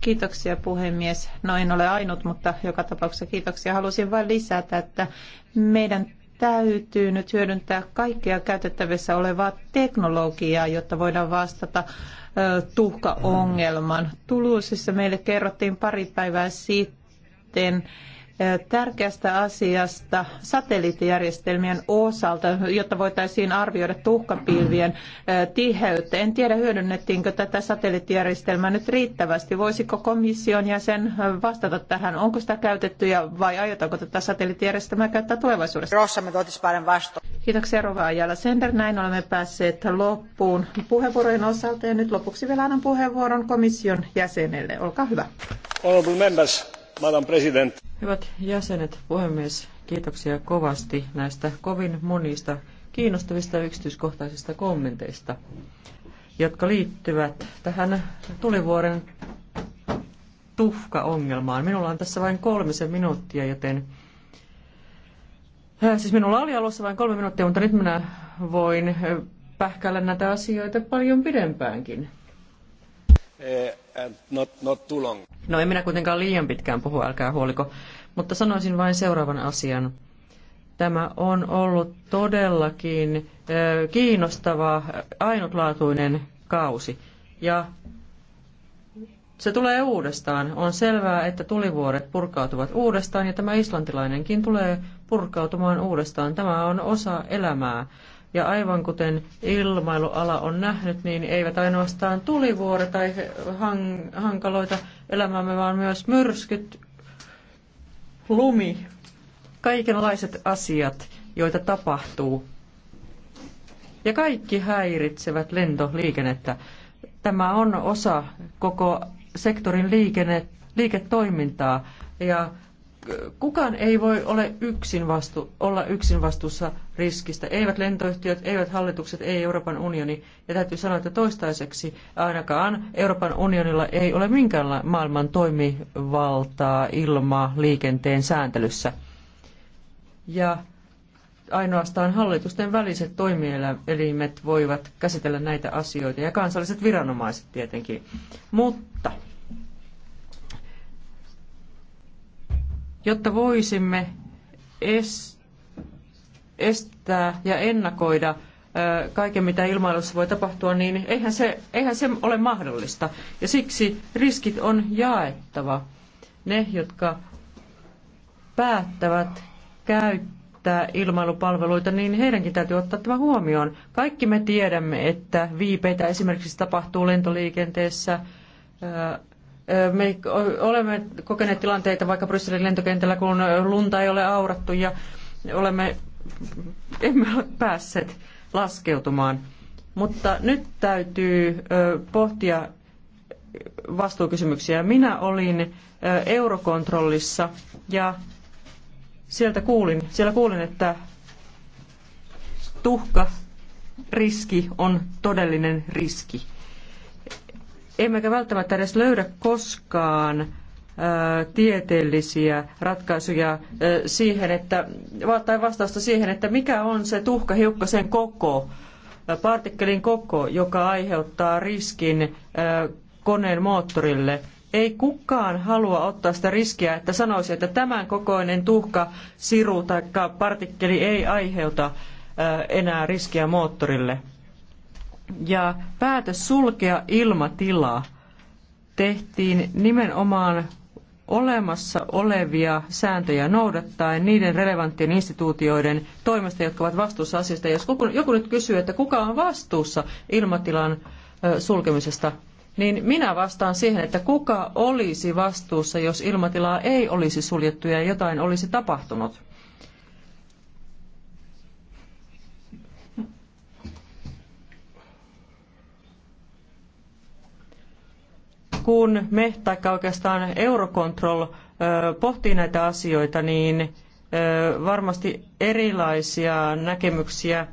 Kiitoksia puhemies. No en ole ainut, mutta joka tapauksessa kiitoksia. Halusin vain lisätä, että meidän täytyy nyt hyödyntää kaikkea käytettävissä olevaa teknologiaa, jotta voidaan vastata tuhkaongelman. Tuluusissa meille kerrottiin pari päivää sitten tärkeästä asiasta satelliittijärjestelmien osalta, jotta voitaisiin arvioida tuhkapilvien tiheyttä. En tiedä, hyödynnettiinkö tätä satelliittijärjestelmää nyt riittävästi. Voisiko komission jäsen vastata tähän? Onko sitä käytetty ja vai aiotaanko tätä satelliittijärjestelmää käyttää tulevaisuudessa? Kiitoksia Rova Ajala Sender. Näin olemme päässeet loppuun puheenvuorojen osalta ja nyt lopuksi vielä annan puheenvuoron komission jäsenelle. Olkaa hyvä. Honorable members. Madam President. Hyvät jäsenet, puhemies, kiitoksia kovasti näistä kovin monista kiinnostavista yksityiskohtaisista kommenteista, jotka liittyvät tähän tulivuoren tuhkaongelmaan. Minulla on tässä vain kolmisen minuuttia, joten... Äh, siis minulla oli alussa vain kolme minuuttia, mutta nyt minä voin äh, pähkäillä näitä asioita paljon pidempäänkin. Eh, eh not, not too long. No en minä kuitenkaan liian pitkään puhu, älkää huoliko, mutta sanoisin vain seuraavan asian. Tämä on ollut todellakin kiinnostava, ainutlaatuinen kausi. Ja se tulee uudestaan. On selvää, että tulivuoret purkautuvat uudestaan ja tämä islantilainenkin tulee purkautumaan uudestaan. Tämä on osa elämää. Ja aivan kuten ilmailuala on nähnyt, niin eivät ainoastaan tulivuore tai hang- hankaloita elämämme, vaan myös myrskyt, lumi, kaikenlaiset asiat, joita tapahtuu. Ja kaikki häiritsevät lentoliikennettä. Tämä on osa koko sektorin liikenne, liiketoimintaa ja kukaan ei voi ole yksin vastu, olla yksin vastuussa riskistä. Eivät lentoyhtiöt, eivät hallitukset, ei Euroopan unioni. Ja täytyy sanoa, että toistaiseksi ainakaan Euroopan unionilla ei ole minkäänlaista maailman toimivaltaa ilma liikenteen sääntelyssä. Ja ainoastaan hallitusten väliset toimielimet voivat käsitellä näitä asioita ja kansalliset viranomaiset tietenkin. Mutta jotta voisimme estää ja ennakoida kaiken, mitä ilmailussa voi tapahtua, niin eihän se, eihän se ole mahdollista. Ja siksi riskit on jaettava. Ne, jotka päättävät käyttää ilmailupalveluita, niin heidänkin täytyy ottaa tämä huomioon. Kaikki me tiedämme, että viipeitä esimerkiksi tapahtuu lentoliikenteessä, me olemme kokeneet tilanteita vaikka Brysselin lentokentällä, kun lunta ei ole aurattu ja olemme, emme ole päässeet laskeutumaan. Mutta nyt täytyy pohtia vastuukysymyksiä. Minä olin eurokontrollissa ja sieltä kuulin, siellä kuulin, että tuhka riski on todellinen riski emmekä välttämättä edes löydä koskaan tieteellisiä ratkaisuja siihen, että, tai vastausta siihen, että mikä on se tuhkahiukkasen koko, partikkelin koko, joka aiheuttaa riskin koneen moottorille. Ei kukaan halua ottaa sitä riskiä, että sanoisi, että tämän kokoinen tuhka, siru tai partikkeli ei aiheuta enää riskiä moottorille ja päätös sulkea ilmatila tehtiin nimenomaan olemassa olevia sääntöjä noudattaen niiden relevanttien instituutioiden toimesta, jotka ovat vastuussa asiasta. Jos joku nyt kysyy, että kuka on vastuussa ilmatilan sulkemisesta, niin minä vastaan siihen, että kuka olisi vastuussa, jos ilmatilaa ei olisi suljettu ja jotain olisi tapahtunut. kun me, tai oikeastaan Eurocontrol, pohtii näitä asioita, niin varmasti erilaisia näkemyksiä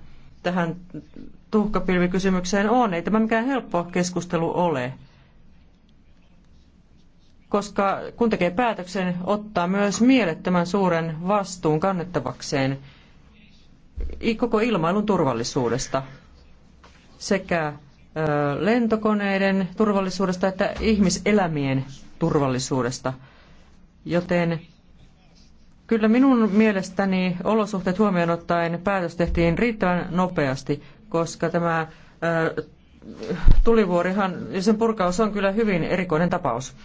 tähän tuhkapilvikysymykseen on. Ei tämä mikään helppo keskustelu ole, koska kun tekee päätöksen, ottaa myös mielettömän suuren vastuun kannettavakseen koko ilmailun turvallisuudesta sekä lentokoneiden turvallisuudesta että ihmiselämien turvallisuudesta. Joten kyllä minun mielestäni olosuhteet huomioon ottaen päätös tehtiin riittävän nopeasti, koska tämä tulivuorihan, sen purkaus on kyllä hyvin erikoinen tapaus.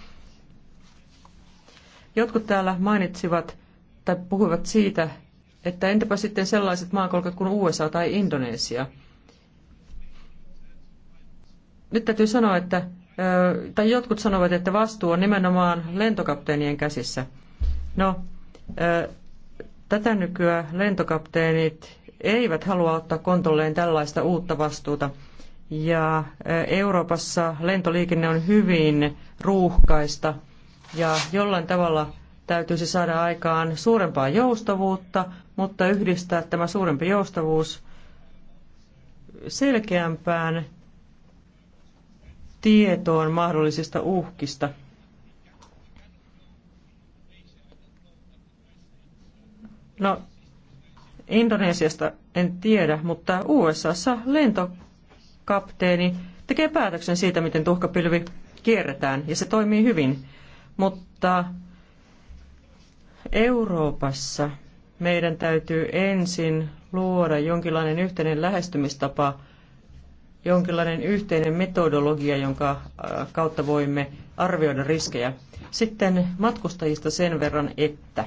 Jotkut täällä mainitsivat tai puhuivat siitä, että entäpä sitten sellaiset maakolkat kuin USA tai Indonesia – nyt täytyy sanoa, että, tai jotkut sanovat, että vastuu on nimenomaan lentokapteenien käsissä. No, tätä nykyä lentokapteenit eivät halua ottaa kontolleen tällaista uutta vastuuta. Ja Euroopassa lentoliikenne on hyvin ruuhkaista ja jollain tavalla täytyisi saada aikaan suurempaa joustavuutta, mutta yhdistää tämä suurempi joustavuus selkeämpään tietoon mahdollisista uhkista. No, Indonesiasta en tiedä, mutta USAssa lentokapteeni tekee päätöksen siitä, miten tuhkapilvi kierretään, ja se toimii hyvin. Mutta Euroopassa meidän täytyy ensin luoda jonkinlainen yhteinen lähestymistapa – jonkinlainen yhteinen metodologia, jonka äh, kautta voimme arvioida riskejä. Sitten matkustajista sen verran, että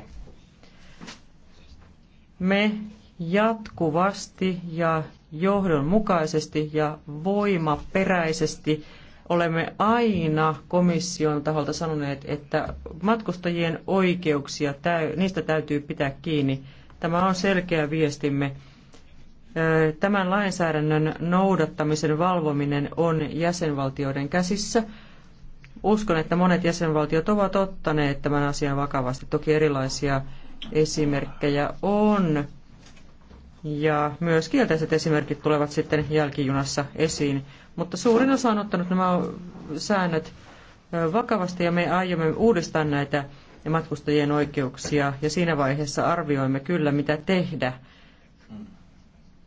me jatkuvasti ja johdonmukaisesti ja voimaperäisesti olemme aina komission taholta sanoneet, että matkustajien oikeuksia, niistä täytyy pitää kiinni. Tämä on selkeä viestimme Tämän lainsäädännön noudattamisen valvominen on jäsenvaltioiden käsissä. Uskon, että monet jäsenvaltiot ovat ottaneet tämän asian vakavasti. Toki erilaisia esimerkkejä on. Ja myös kielteiset esimerkit tulevat sitten jälkijunassa esiin. Mutta suurin osa on ottanut nämä säännöt vakavasti ja me aiomme uudistaa näitä matkustajien oikeuksia ja siinä vaiheessa arvioimme kyllä, mitä tehdä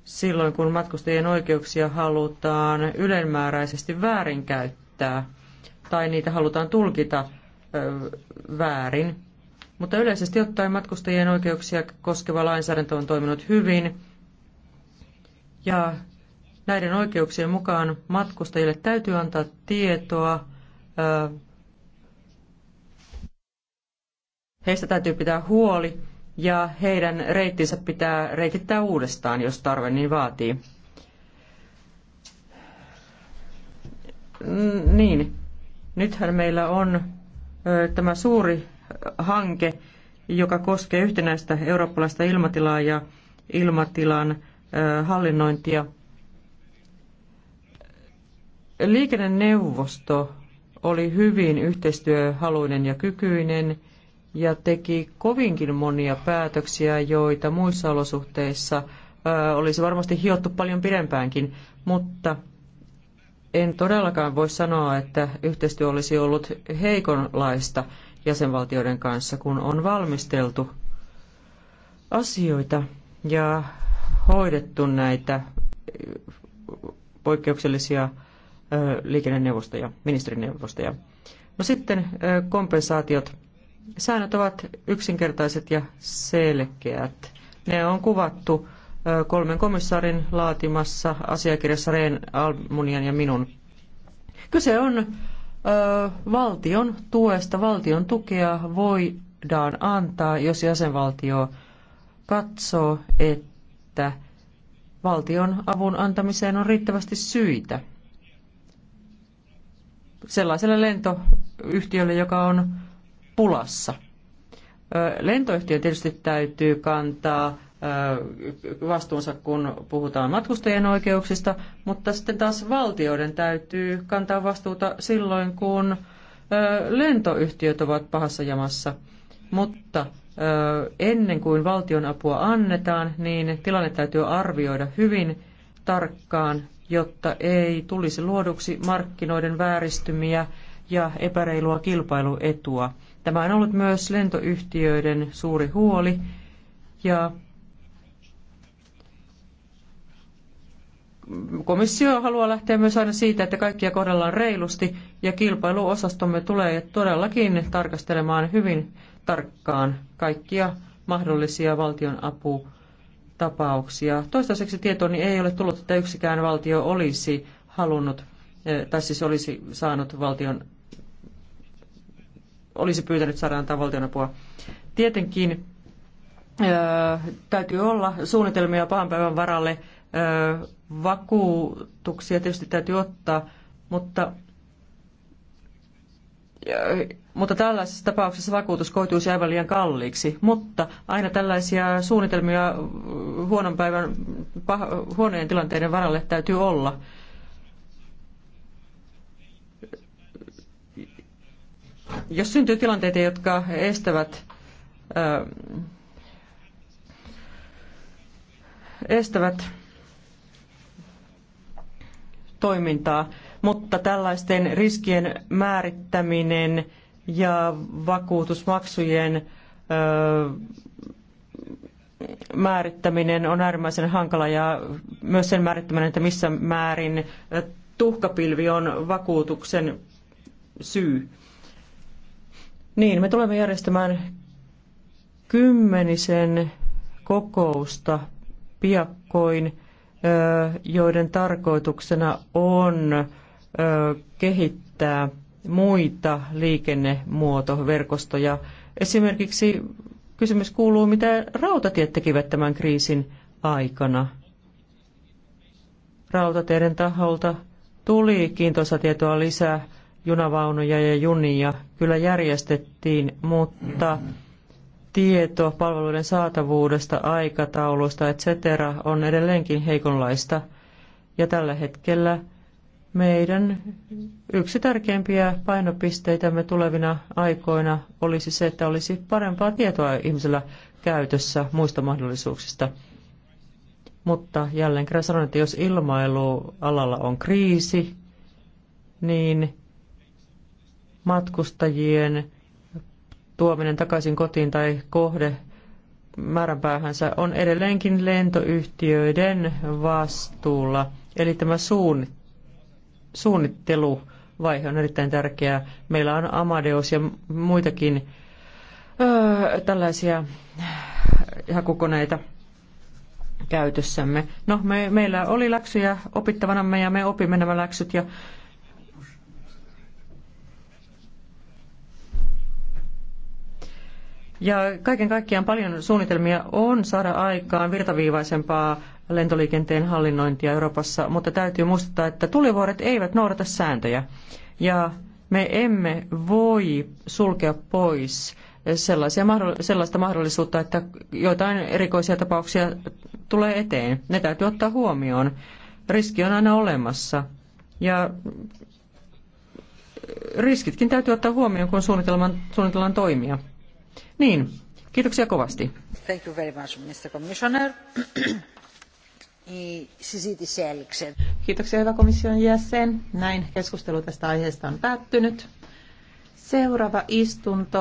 silloin, kun matkustajien oikeuksia halutaan ylenmääräisesti väärinkäyttää tai niitä halutaan tulkita väärin. Mutta yleisesti ottaen matkustajien oikeuksia koskeva lainsäädäntö on toiminut hyvin ja näiden oikeuksien mukaan matkustajille täytyy antaa tietoa heistä täytyy pitää huoli ja heidän reittinsä pitää reitittää uudestaan, jos tarve niin vaatii. Niin, nythän meillä on ö, tämä suuri hanke, joka koskee yhtenäistä eurooppalaista ilmatilaa ja ilmatilan ö, hallinnointia. Liikenneneuvosto oli hyvin yhteistyöhaluinen ja kykyinen – ja teki kovinkin monia päätöksiä, joita muissa olosuhteissa olisi varmasti hiottu paljon pidempäänkin, mutta en todellakaan voi sanoa, että yhteistyö olisi ollut heikonlaista jäsenvaltioiden kanssa, kun on valmisteltu asioita ja hoidettu näitä poikkeuksellisia liikenneneuvostoja, ministerineuvostoja. No sitten kompensaatiot Säännöt ovat yksinkertaiset ja selkeät. Ne on kuvattu kolmen komissaarin laatimassa asiakirjassa Reen Almunian ja minun. Kyse on ö, valtion tuesta. Valtion tukea voidaan antaa, jos jäsenvaltio katsoo, että valtion avun antamiseen on riittävästi syitä. Sellaiselle lentoyhtiölle, joka on pulassa. Lentoyhtiö tietysti täytyy kantaa vastuunsa, kun puhutaan matkustajien oikeuksista, mutta sitten taas valtioiden täytyy kantaa vastuuta silloin, kun lentoyhtiöt ovat pahassa jamassa. Mutta ennen kuin valtion apua annetaan, niin tilanne täytyy arvioida hyvin tarkkaan, jotta ei tulisi luoduksi markkinoiden vääristymiä ja epäreilua kilpailuetua. Tämä on ollut myös lentoyhtiöiden suuri huoli ja komissio haluaa lähteä myös aina siitä, että kaikkia kohdellaan reilusti ja kilpailuosastomme tulee todellakin tarkastelemaan hyvin tarkkaan kaikkia mahdollisia valtion aputapauksia. Toistaiseksi tietoni ei ole tullut, että yksikään valtio olisi halunnut eh, tai siis olisi saanut valtion olisi pyytänyt saada antaa valtionapua. Tietenkin täytyy olla suunnitelmia pahan päivän varalle. Vakuutuksia tietysti täytyy ottaa, mutta, mutta tällaisessa tapauksessa vakuutus koituisi aivan liian kalliiksi. Mutta aina tällaisia suunnitelmia huonon päivän, pah, huonojen tilanteiden varalle täytyy olla. jos syntyy tilanteita, jotka estävät, ää, estävät toimintaa, mutta tällaisten riskien määrittäminen ja vakuutusmaksujen ää, määrittäminen on äärimmäisen hankala ja myös sen määrittäminen, että missä määrin tuhkapilvi on vakuutuksen syy. Niin, me tulemme järjestämään kymmenisen kokousta piakkoin, joiden tarkoituksena on kehittää muita liikennemuotoverkostoja. Esimerkiksi kysymys kuuluu, mitä rautatiet tekivät tämän kriisin aikana. Rautateiden taholta tuli kiintoisa tietoa lisää junavaunuja ja junia kyllä järjestettiin, mutta tieto palveluiden saatavuudesta, aikatauluista, etc. on edelleenkin heikonlaista. Ja tällä hetkellä meidän yksi tärkeimpiä painopisteitämme tulevina aikoina olisi se, että olisi parempaa tietoa ihmisellä käytössä muista mahdollisuuksista. Mutta jälleen kerran sanon, että jos ilmailualalla on kriisi, niin matkustajien tuominen takaisin kotiin tai kohde määränpäähänsä on edelleenkin lentoyhtiöiden vastuulla. Eli tämä suunnitteluvaihe on erittäin tärkeää. Meillä on Amadeus ja muitakin öö, tällaisia hakukoneita käytössämme. No, me, meillä oli läksyjä opittavanamme ja me opimme nämä läksyt ja Ja kaiken kaikkiaan paljon suunnitelmia on saada aikaan virtaviivaisempaa lentoliikenteen hallinnointia Euroopassa, mutta täytyy muistaa, että tulivuoret eivät noudata sääntöjä. Ja me emme voi sulkea pois sellaisia, sellaista mahdollisuutta, että joitain erikoisia tapauksia tulee eteen. Ne täytyy ottaa huomioon. Riski on aina olemassa. Ja riskitkin täytyy ottaa huomioon, kun suunnitellaan toimia. Niin, kiitoksia kovasti. Thank you very much, Mr. Commissioner. Kiitoksia hyvä komission jäsen. Näin keskustelu tästä aiheesta on päättynyt. Seuraava istunto